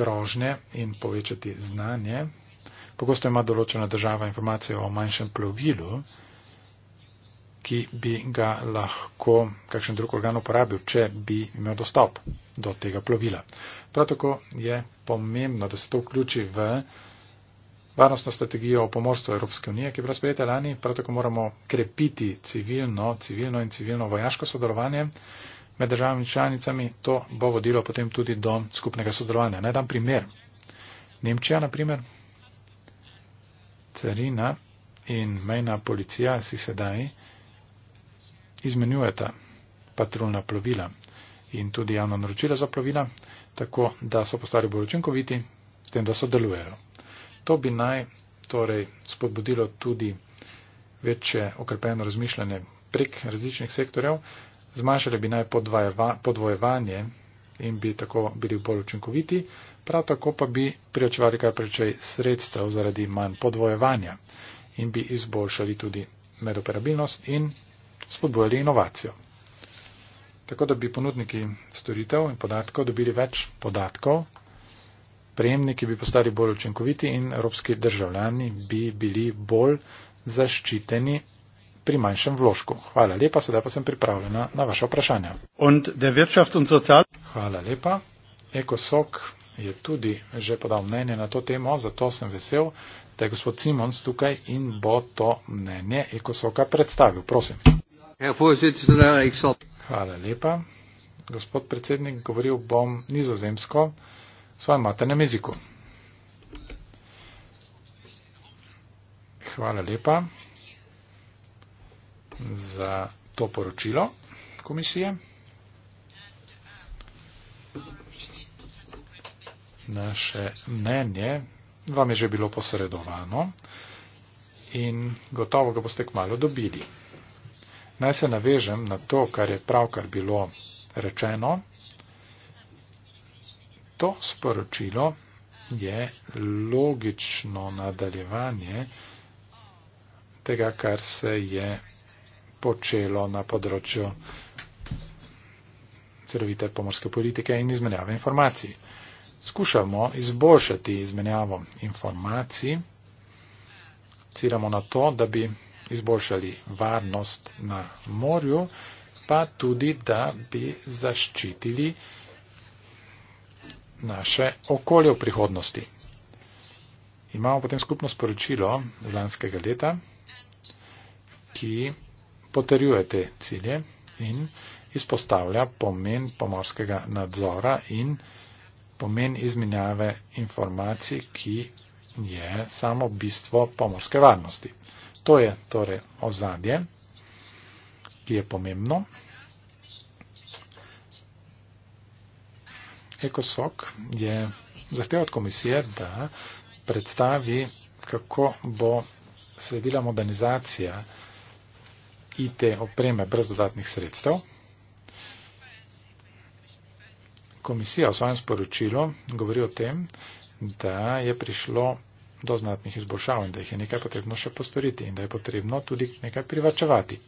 grožne in povečati znanje. Pogosto ima določena država informacije o manjšem plovilu, ki bi ga lahko kakšen drug organ uporabil, če bi imel dostop do tega plovila. Prav tako je pomembno, da se to vključi v varnostno strategijo o pomorstvu Evropske unije, ki je bila sprejeta lani. Prav tako moramo krepiti civilno, civilno in civilno vojaško sodelovanje med državami članicami. To bo vodilo potem tudi do skupnega sodelovanja. Naj dam primer. Nemčija, na primer, carina in mejna policija si sedaj izmenjujeta patrulna plovila in tudi javno naročila za plovila, tako da so postali bolj učinkoviti s tem, da sodelujejo. To bi naj torej spodbudilo tudi večje okrepeno razmišljanje prek različnih sektorjev, zmanjšali bi naj podvojevanje in bi tako bili bolj učinkoviti, prav tako pa bi priročevali kar prečej sredstev zaradi manj podvojevanja in bi izboljšali tudi medoperabilnost in spodbojali inovacijo. Tako da bi ponudniki storitev in podatkov dobili več podatkov, prejemniki bi postali bolj učinkoviti in evropski državljani bi bili bolj zaščiteni pri manjšem vložku. Hvala lepa, sedaj pa sem pripravljena na vaše vprašanja. Hvala lepa. Ekosok je tudi že podal mnenje na to temo, zato sem vesel, da je gospod Simons tukaj in bo to mnenje Ekosoka predstavil. Prosim. Hvala lepa. Gospod predsednik, govoril bom nizozemsko svojem maternem jeziku. Hvala lepa za to poročilo komisije. Naše mnenje vam je že bilo posredovano in gotovo ga boste kmalo dobili. Naj se navežem na to, kar je pravkar bilo rečeno to sporočilo je logično nadaljevanje tega, kar se je počelo na področju celovite pomorske politike in izmenjave informacij. Skušamo izboljšati izmenjavo informacij, ciljamo na to, da bi izboljšali varnost na morju, pa tudi, da bi zaščitili naše okolje v prihodnosti. Imamo potem skupno sporočilo z lanskega leta, ki potrjuje te cilje in izpostavlja pomen pomorskega nadzora in pomen izmenjave informacij, ki je samo bistvo pomorske varnosti. To je torej ozadje, ki je pomembno. ECOSOC je zahteval od komisije, da predstavi, kako bo sledila modernizacija IT opreme brez dodatnih sredstev. Komisija v svojem sporočilu govori o tem, da je prišlo do znatnih izboljšav in da jih je nekaj potrebno še postoriti in da je potrebno tudi nekaj privačevati.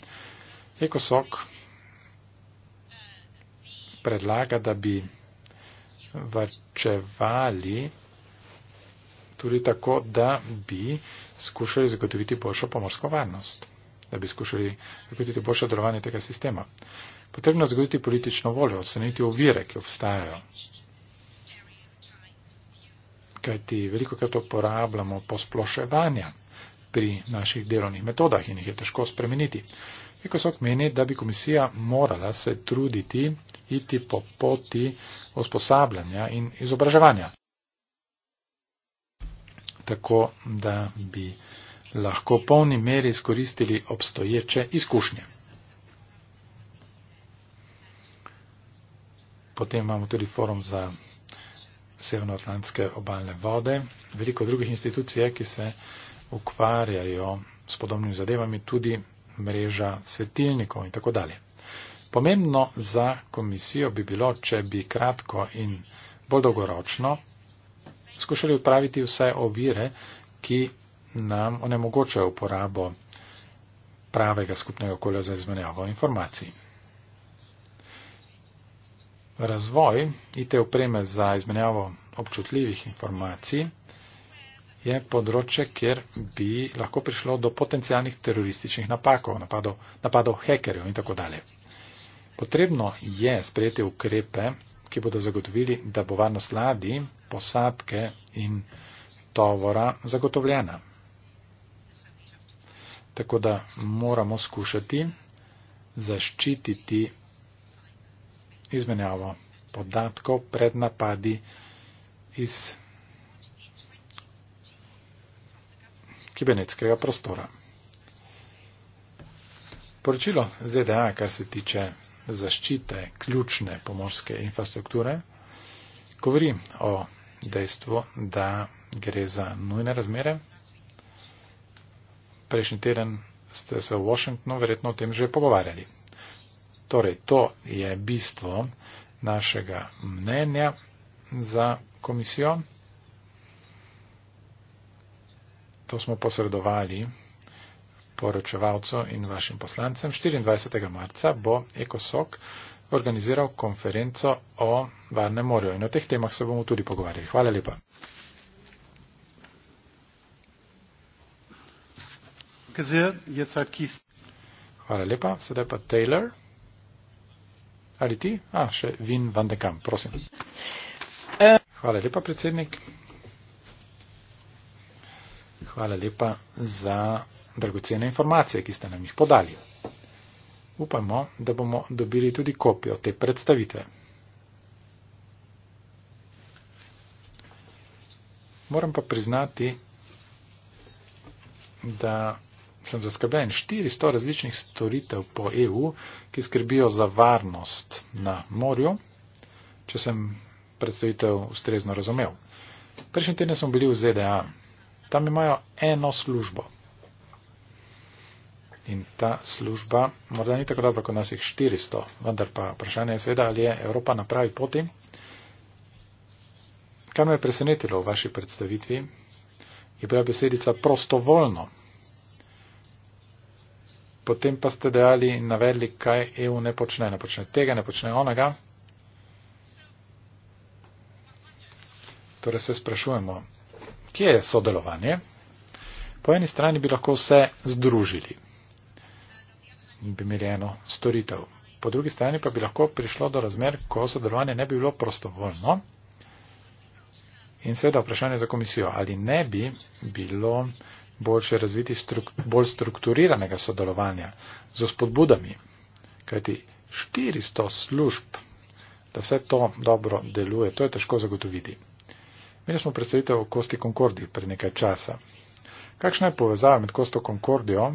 ECOSOC predlaga, da bi varčevali tudi tako, da bi skušali zagotoviti boljšo pomorsko varnost, da bi skušali zagotoviti boljše delovanje tega sistema. Potrebno je zagotoviti politično voljo, odstraniti ovire, ki obstajajo. Kajti veliko krat uporabljamo posploševanja pri naših delovnih metodah in jih je težko spremeniti. Ekosok meni, da bi komisija morala se truditi iti po poti usposabljanja in izobraževanja. Tako, da bi lahko v polni meri izkoristili obstoječe izkušnje. Potem imamo tudi forum za severnoatlantske obalne vode, veliko drugih institucij, ki se ukvarjajo s podobnimi zadevami, tudi mreža svetilnikov in tako dalje. Pomembno za komisijo bi bilo, če bi kratko in bolj dolgoročno skušali odpraviti vse ovire, ki nam onemogočajo uporabo pravega skupnega okolja za izmenjavo informacij. Razvoj IT opreme za izmenjavo občutljivih informacij je področje, kjer bi lahko prišlo do potencijalnih terorističnih napakov, napadov, napadov hekerjev in tako dalje. Potrebno je sprejeti ukrepe, ki bodo zagotovili, da bo varnost ladi, posadke in tovora zagotovljena. Tako da moramo skušati zaščititi izmenjavo podatkov pred napadi iz kibernetskega prostora. Poročilo ZDA, kar se tiče zaščite ključne pomorske infrastrukture, govori o dejstvu, da gre za nujne razmere. Prejšnji teden ste se v Washingtonu verjetno o tem že pogovarjali. Torej, to je bistvo našega mnenja za komisijo. To smo posredovali poročevalcev in vašim poslancem. 24. marca bo Ekosok organiziral konferenco o varnem morju in o teh temah se bomo tudi pogovarjali. Hvala lepa. Hvala lepa, sedaj pa Taylor. Ali ti? A, še Vin van de Kam, prosim. Hvala lepa, predsednik. Hvala lepa za dragocene informacije, ki ste nam jih podali. Upajmo, da bomo dobili tudi kopijo te predstavitve. Moram pa priznati, da sem zaskrbljen 400 različnih storitev po EU, ki skrbijo za varnost na morju, če sem predstavitev ustrezno razumel. Prejšnji teden smo bili v ZDA. Tam imajo eno službo, In ta služba morda ni tako dobra kot nas jih 400, vendar pa vprašanje je seveda, ali je Evropa na pravi poti. Kar me je presenetilo v vaši predstavitvi, je bila besedica prostovoljno. Potem pa ste dejali in navedli, kaj EU ne počne. Ne počne tega, ne počne onega. Torej se sprašujemo, kje je sodelovanje. Po eni strani bi lahko vse združili bi imeli eno storitev. Po drugi strani pa bi lahko prišlo do razmer, ko sodelovanje ne bi bilo prostovoljno. In seveda vprašanje za komisijo, ali ne bi bilo boljše razviti struk, bolj strukturiranega sodelovanja z spodbudami, kajti 400 služb, da vse to dobro deluje, to je težko zagotoviti. Mi smo predstavitev o Kosti Concordi pred nekaj časa. Kakšna je povezava med Kosto Concordijo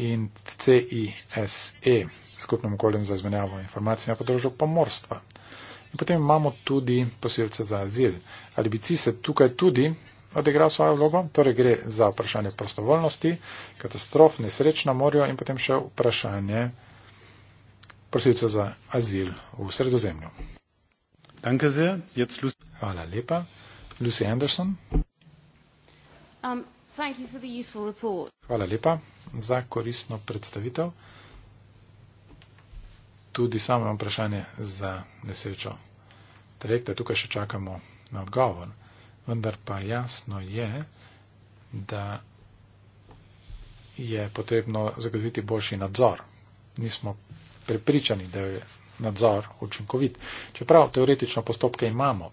in CISE, skupnim okoljem za izmenjavo informacij na področju pomorstva. In potem imamo tudi posilce za azil. Ali bi CISE tukaj tudi odigral svojo vlogo? Torej gre za vprašanje prostovoljnosti, katastrof, nesreč na morju in potem še vprašanje prosilcev za azil v sredozemlju. Hvala lepa. Lucy Anderson. Um, Hvala lepa za koristno predstavitev. Tudi samo imam vprašanje za nesrečo trajekta. Tukaj še čakamo na odgovor. Vendar pa jasno je, da je potrebno zagotoviti boljši nadzor. Nismo prepričani, da je nadzor učinkovit. Čeprav teoretično postopke imamo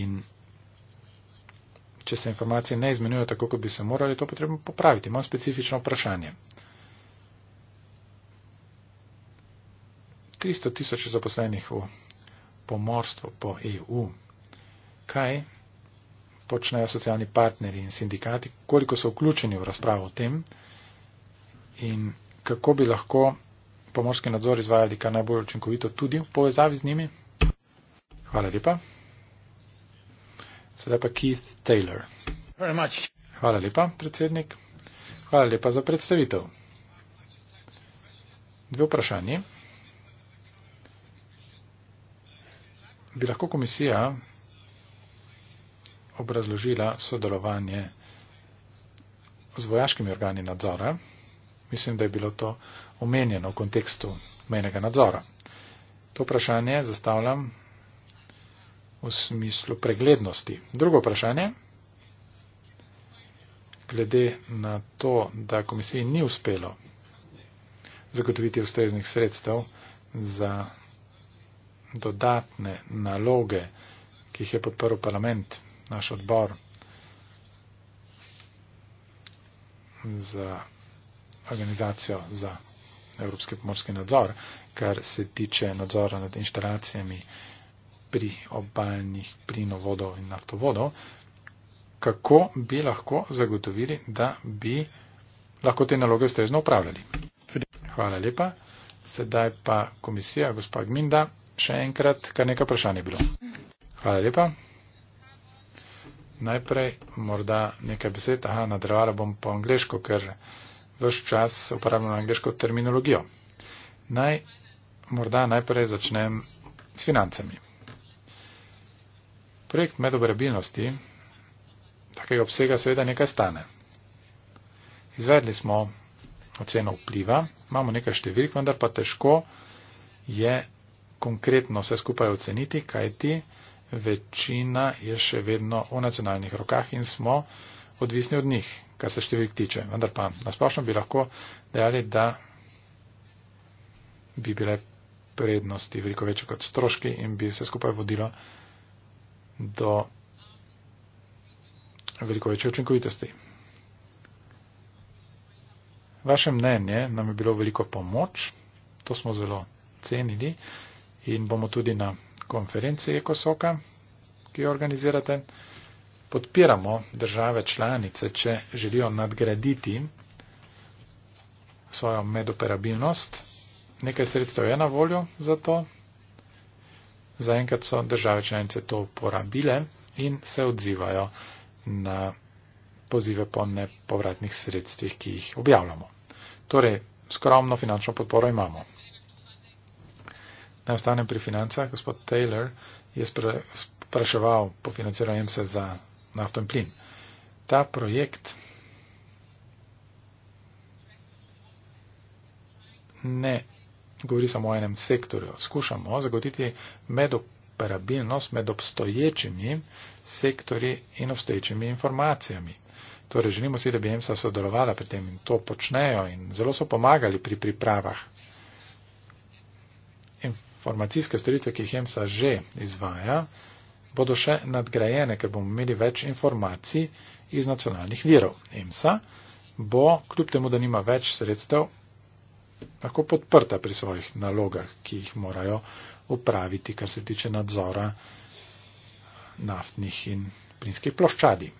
in če se informacije ne izmenjujejo tako, kot bi se morali, to potrebno popraviti. Imam specifično vprašanje. 300 tisoč zaposlenih v pomorstvo po EU. Kaj počnejo socialni partneri in sindikati, koliko so vključeni v razpravo o tem in kako bi lahko pomorski nadzor izvajali kar najbolj učinkovito tudi v povezavi z njimi? Hvala lepa. Sedaj pa Keith Taylor. Hvala lepa, predsednik. Hvala lepa za predstavitev. Dve vprašanje. Bi lahko komisija obrazložila sodelovanje z vojaškimi organi nadzora? Mislim, da je bilo to omenjeno v kontekstu mejnega nadzora. To vprašanje zastavljam v smislu preglednosti. Drugo vprašanje, glede na to, da komisiji ni uspelo zagotoviti ustreznih sredstev za dodatne naloge, ki jih je podprl parlament, naš odbor za organizacijo za Evropski pomorski nadzor, kar se tiče nadzora nad inštalacijami, pri obaljnih plinovodov in naftovodov, kako bi lahko zagotovili, da bi lahko te naloge ustrezno upravljali. Hvala lepa. Sedaj pa komisija, gospod Gminda, še enkrat, kar nekaj vprašanj je bilo. Hvala lepa. Najprej morda nekaj besed, aha, nadrevala bom po angliško, ker vse čas uporabljam angliško terminologijo. Naj, morda najprej začnem s financami. Projekt medobrabilnosti takega obsega seveda nekaj stane. Izvedli smo oceno vpliva, imamo nekaj številk, vendar pa težko je konkretno vse skupaj oceniti, kajti večina je še vedno v nacionalnih rokah in smo odvisni od njih, kar se številk tiče. Vendar pa nasplošno bi lahko dejali, da bi bile prednosti veliko večje kot stroški in bi se skupaj vodilo do veliko večje učinkovitosti. Vaše mnenje nam je bilo veliko pomoč, to smo zelo cenili in bomo tudi na konferenci Ekosoka, ki jo organizirate, podpiramo države članice, če želijo nadgraditi svojo medoperabilnost. Nekaj sredstev je na voljo za to. Zaenkrat so države članice to uporabile in se odzivajo na pozive po nepovratnih sredstvih, ki jih objavljamo. Torej, skromno finančno podporo imamo. Naj ostanem pri financah. Gospod Taylor je spraševal po financiranju se za nafto in plin. Ta projekt ne govori samo o enem sektorju. Skušamo zagotiti medoperabilnost med obstoječimi sektori in obstoječimi informacijami. Torej želimo si, da bi EMSA sodelovala pri tem in to počnejo in zelo so pomagali pri pripravah. Informacijske storitve, ki jih EMSA že izvaja, bodo še nadgrajene, ker bomo imeli več informacij iz nacionalnih virov. EMSA bo, kljub temu, da nima več sredstev, lahko podprta pri svojih nalogah, ki jih morajo upraviti, kar se tiče nadzora naftnih in plinskih ploščadi.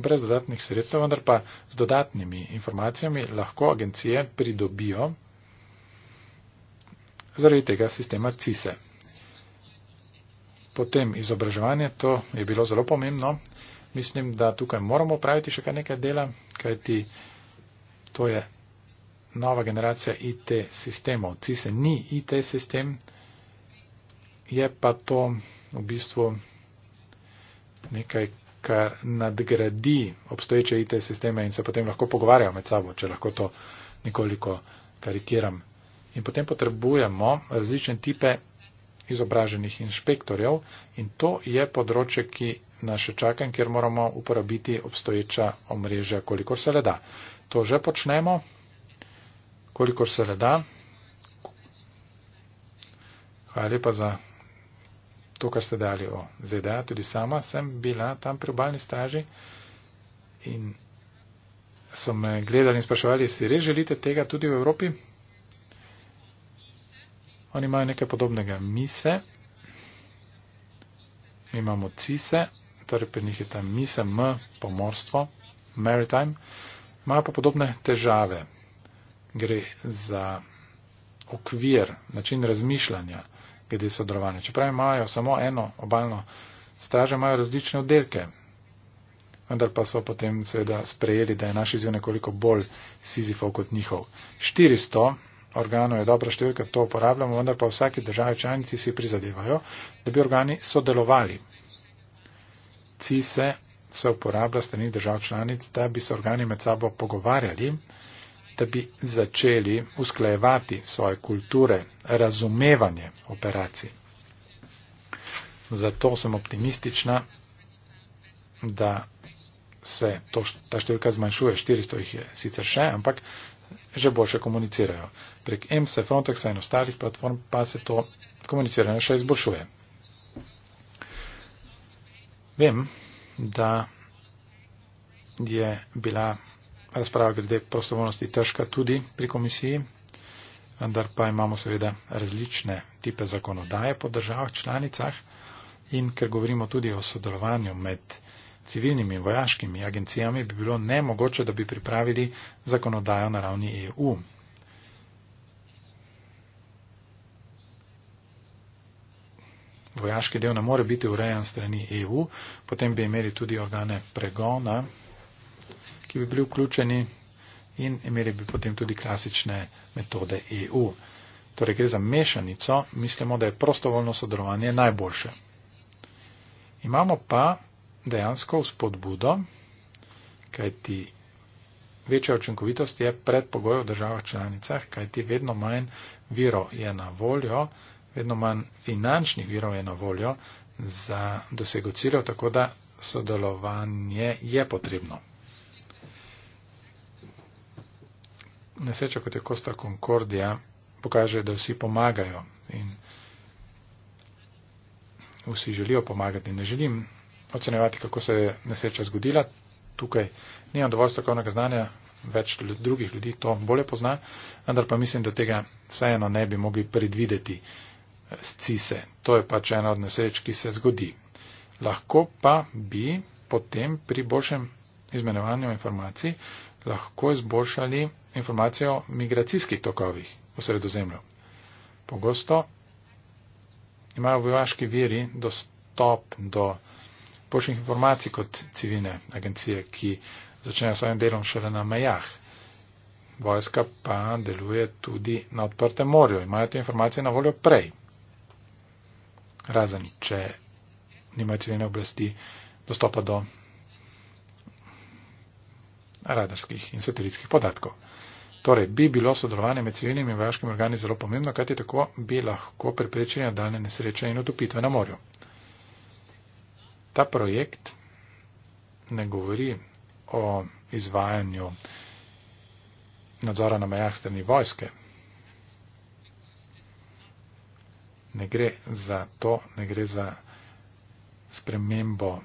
Brez dodatnih sredstev, vendar pa z dodatnimi informacijami lahko agencije pridobijo zaradi tega sistema CISE. Potem izobraževanje, to je bilo zelo pomembno. Mislim, da tukaj moramo praviti še kar nekaj dela, kajti to je nova generacija IT sistemov. CISE ni IT sistem, je pa to v bistvu nekaj, kar nadgradi obstoječe IT sisteme in se potem lahko pogovarjajo med sabo, če lahko to nekoliko karikiram. In potem potrebujemo različne tipe izobraženih inšpektorjev in to je področje, ki nas še čaka in kjer moramo uporabiti obstoječa omrežja, kolikor se le da to že počnemo, kolikor se le da. Hvala lepa za to, kar ste dali o ZDA. Tudi sama sem bila tam pri obalni straži in so me gledali in spraševali, si res želite tega tudi v Evropi? Oni imajo nekaj podobnega. Mi se, mi imamo cise, torej pri njih je ta mise, m, pomorstvo, maritime imajo pa podobne težave. Gre za okvir, način razmišljanja glede sodelovanja. Čeprav imajo samo eno obaljno stražo, imajo različne oddelke. Vendar pa so potem seveda sprejeli, da je naš izjiv nekoliko bolj sizifov kot njihov. 400 organov je dobra številka, to uporabljamo, vendar pa vsake države članici si prizadevajo, da bi organi sodelovali. Ci se se uporablja strani držav članic, da bi se organi med sabo pogovarjali, da bi začeli usklejevati svoje kulture, razumevanje operacij. Zato sem optimistična, da se to, ta številka zmanjšuje, 400 jih je sicer še, ampak že boljše komunicirajo. Prek MS, e, Frontexa in ostalih platform pa se to komuniciranje še izboljšuje. Vem, da je bila razprava glede prostovoljnosti težka tudi pri komisiji, vendar pa imamo seveda različne tipe zakonodaje po državah članicah in ker govorimo tudi o sodelovanju med civilnimi in vojaškimi agencijami, bi bilo nemogoče, da bi pripravili zakonodajo na ravni EU. vojaški del ne more biti urejen strani EU, potem bi imeli tudi organe pregona, ki bi bili vključeni in imeli bi potem tudi klasične metode EU. Torej, gre za mešanico, mislimo, da je prostovoljno sodelovanje najboljše. Imamo pa dejansko vzpodbudo, kajti večja učinkovitost je predpogoj v državah članicah, kajti vedno manj viro je na voljo, vedno manj finančnih virov je na voljo za dosego ciljev, tako da sodelovanje je potrebno. Neseča, kot je Kosta Concordia, pokaže, da vsi pomagajo in vsi želijo pomagati. Ne želim ocenjevati, kako se je neseča zgodila. Tukaj nimam dovolj strokovnega znanja, več drugih ljudi to bolje pozna, vendar pa mislim, da tega vseeno ne bi mogli predvideti scise. To je pač ena od nesreč, ki se zgodi. Lahko pa bi potem pri boljšem izmenovanju informacij lahko izboljšali informacijo o migracijskih tokovih v sredozemlju. Pogosto imajo vojaški viri dostop do boljših informacij kot civilne agencije, ki začnejo svojim delom šele na mejah. Vojska pa deluje tudi na odprtem morju. Imajo te informacije na voljo prej razen če nimajo civilne oblasti dostopa do radarskih in satelitskih podatkov. Torej, bi bilo sodelovanje med civilnimi in vojaškimi organi zelo pomembno, kajti tako bi lahko preprečili nadaljne nesreče in utopitve na morju. Ta projekt ne govori o izvajanju nadzora na mejah strani vojske, ne gre za to, ne gre za spremembo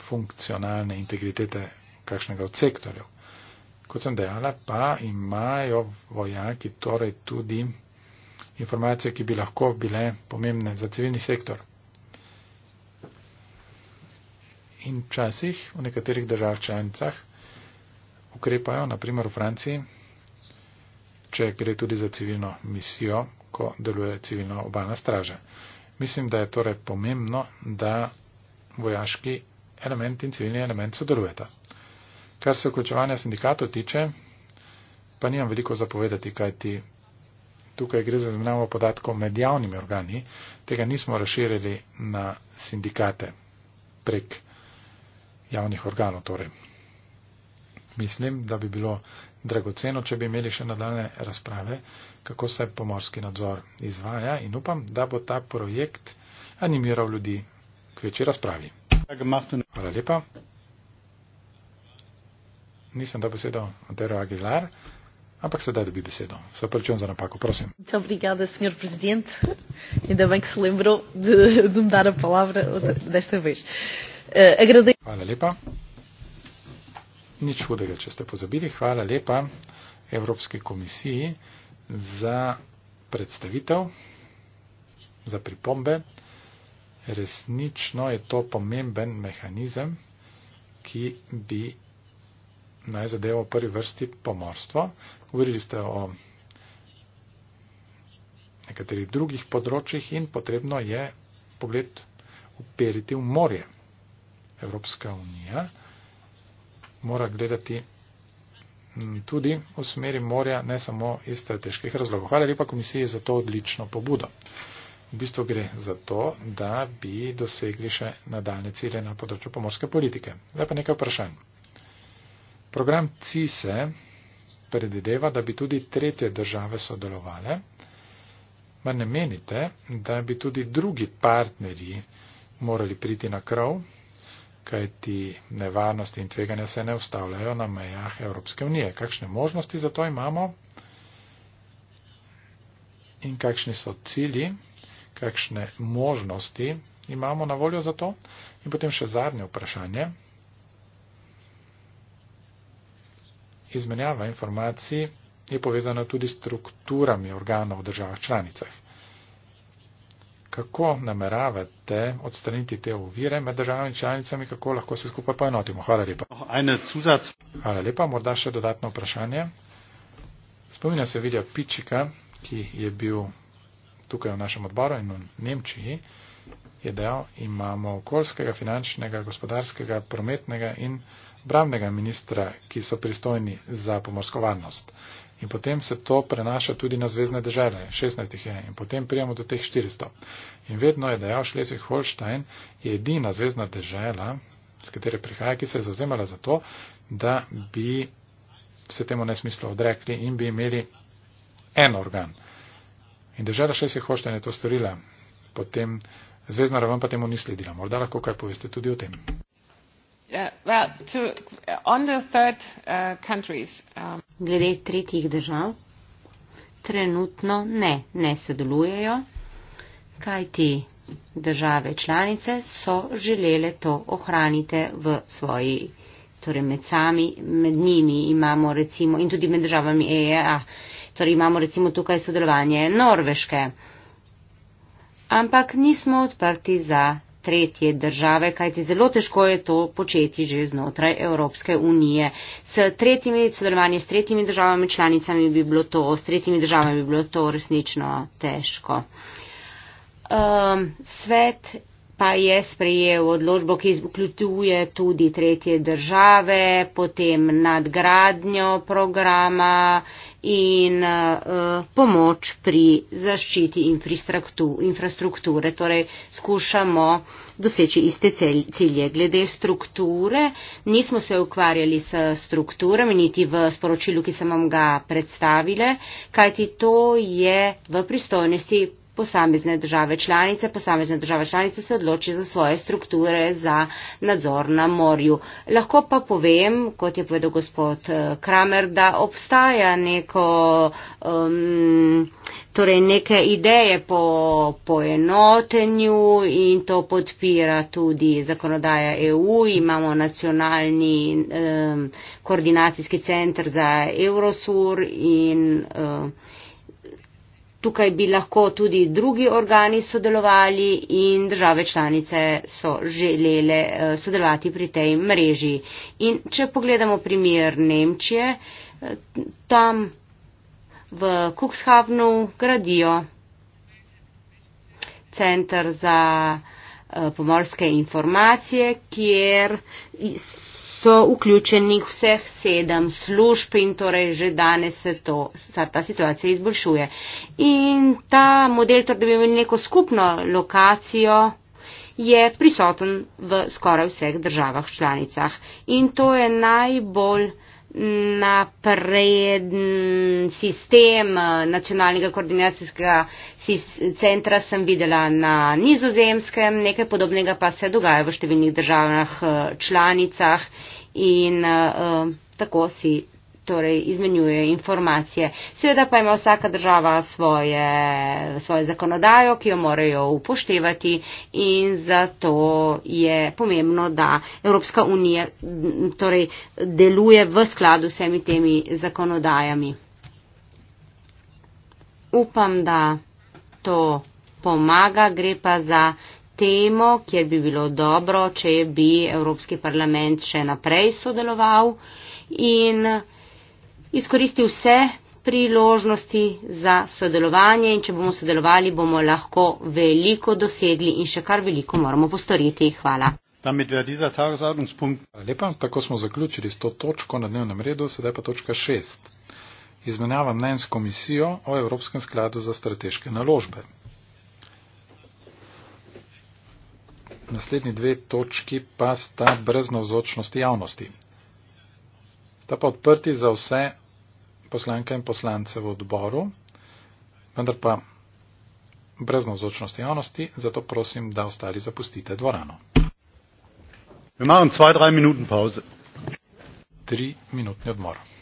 funkcionalne integritete kakšnega od sektorjev. Kot sem dejala, pa imajo vojaki torej tudi informacije, ki bi lahko bile pomembne za civilni sektor. In včasih v nekaterih državah članicah ukrepajo, naprimer v Franciji, če gre tudi za civilno misijo, ko deluje civilna obalna straža. Mislim, da je torej pomembno, da vojaški element in civilni element sodelujeta. Kar se vključevanja sindikatov tiče, pa nimam veliko zapovedati, kaj ti tukaj gre za zmenjavo podatkov med javnimi organi, tega nismo razširili na sindikate prek javnih organov. Torej mislim, da bi bilo dragoceno, če bi imeli še nadaljne razprave, kako se pomorski nadzor izvaja in upam, da bo ta projekt animiral ljudi k večji razpravi. Hvala lepa. Nisem dal besedo Antero Aguilar, ampak sedaj dobi besedo. Se opravičujem za napako, prosim. Obrigada, senjor prezident. In da vem, ki se lembro, da bom dala palavra desta vez. Uh, eh, agrade... Hvala lepa nič hudega, če ste pozabili. Hvala lepa Evropske komisiji za predstavitev, za pripombe. Resnično je to pomemben mehanizem, ki bi naj zadeval prvi vrsti pomorstvo. Govorili ste o nekaterih drugih področjih in potrebno je pogled uperiti v morje. Evropska unija mora gledati mm, tudi v smeri morja, ne samo iz strateških razlogov. Hvala lepa komisiji za to odlično pobudo. V bistvu gre za to, da bi dosegli še nadaljne cilje na področju pomorske politike. Zdaj pa nekaj vprašanj. Program CISE predvideva, da bi tudi tretje države sodelovale. Mar ne menite, da bi tudi drugi partnerji morali priti na krov? kaj ti nevarnosti in tveganja se ne ustavljajo na mejah Evropske unije. Kakšne možnosti za to imamo in kakšni so cilji, kakšne možnosti imamo na voljo za to. In potem še zadnje vprašanje. Izmenjava informacij je povezana tudi s strukturami organov v državah članicah kako nameravate odstraniti te ovire med državami članicami, kako lahko se skupaj poenotimo. Hvala lepa. Hvala lepa, morda še dodatno vprašanje. Spominja se video Pičika, ki je bil tukaj v našem odboru in v Nemčiji, je dejal, imamo okoljskega, finančnega, gospodarskega, prometnega in bramnega ministra, ki so pristojni za pomorsko varnost. In potem se to prenaša tudi na zvezdne države, 16 jih je, in potem prijemo do teh 400. In vedno je dejal Šlesih Holštajn, je edina zvezdna država, z katere prihaja, ki se je zauzemala za to, da bi se temu nesmislu odrekli in bi imeli en organ. In država Šlesih Holštajn je to storila, potem zvezdna raven pa temu ni sledila. Morda lahko kaj poveste tudi o tem. Uh, uh, um, Glede tretjih držav, trenutno ne, ne sodelujejo, kajti države članice so želele to ohraniti v svoji, torej med sami, med njimi imamo recimo in tudi med državami EEA, torej imamo recimo tukaj sodelovanje Norveške. Ampak nismo odprti za tretje države, kajti zelo težko je to početi že znotraj Evropske unije. S tretjimi, sodelovanje s tretjimi državami članicami bi bilo to, s tretjimi državami bi bilo to resnično težko. Um, svet pa je sprejel odložbo, ki vključuje tudi tretje države, potem nadgradnjo programa, uh, in uh, pomoč pri zaščiti infrastrukture. Torej, skušamo doseči iste cilje. Glede strukture, nismo se ukvarjali s strukturami, niti v sporočilu, ki sem vam ga predstavile, kajti to je v pristojnosti posamezne države članice. Posamezne države članice se odločijo za svoje strukture za nadzor na morju. Lahko pa povem, kot je povedal gospod eh, Kramer, da obstaja neko. Um, Torej, neke ideje po poenotenju in to podpira tudi zakonodaja EU. Imamo nacionalni um, koordinacijski center za Eurosur in um, Tukaj bi lahko tudi drugi organi sodelovali in države članice so želele eh, sodelovati pri tej mreži. In če pogledamo primer Nemčije, eh, tam v Cuxhavnu gradijo center za eh, pomorske informacije, kjer so vključenih vseh sedem služb in torej že danes se to, ta situacija izboljšuje. In ta model, torej da bi imeli neko skupno lokacijo, je prisoten v skoraj vseh državah članicah. In to je najbolj napreden sistem eh, nacionalnega koordinacijskega centra sem videla na nizozemskem, nekaj podobnega pa se dogaja v številnih državah eh, članicah in uh, tako si torej izmenjuje informacije. Seveda pa ima vsaka država svoje, svoje zakonodajo, ki jo morajo upoštevati in zato je pomembno, da Evropska unija torej, deluje v skladu s vsemi temi zakonodajami. Upam, da to pomaga, gre pa za temo, kjer bi bilo dobro, če bi Evropski parlament še naprej sodeloval in izkoristi vse priložnosti za sodelovanje in če bomo sodelovali, bomo lahko veliko dosegli in še kar veliko moramo postoriti. Hvala. Damit wäre dieser Tagesordnungspunkt. Lepa, tako smo zaključili s to točko na dnevnem redu, sedaj pa točka šest. Izmenjava mnenj s komisijo o Evropskem skladu za strateške naložbe. Naslednji dve točki pa sta brez navzočnosti javnosti. Ta pa odprti za vse poslanke in poslance v odboru, vendar pa brez navzočnosti javnosti, zato prosim, da ostali zapustite dvorano. Imamo 2-3 minutne pauze. 3 minutni odmor.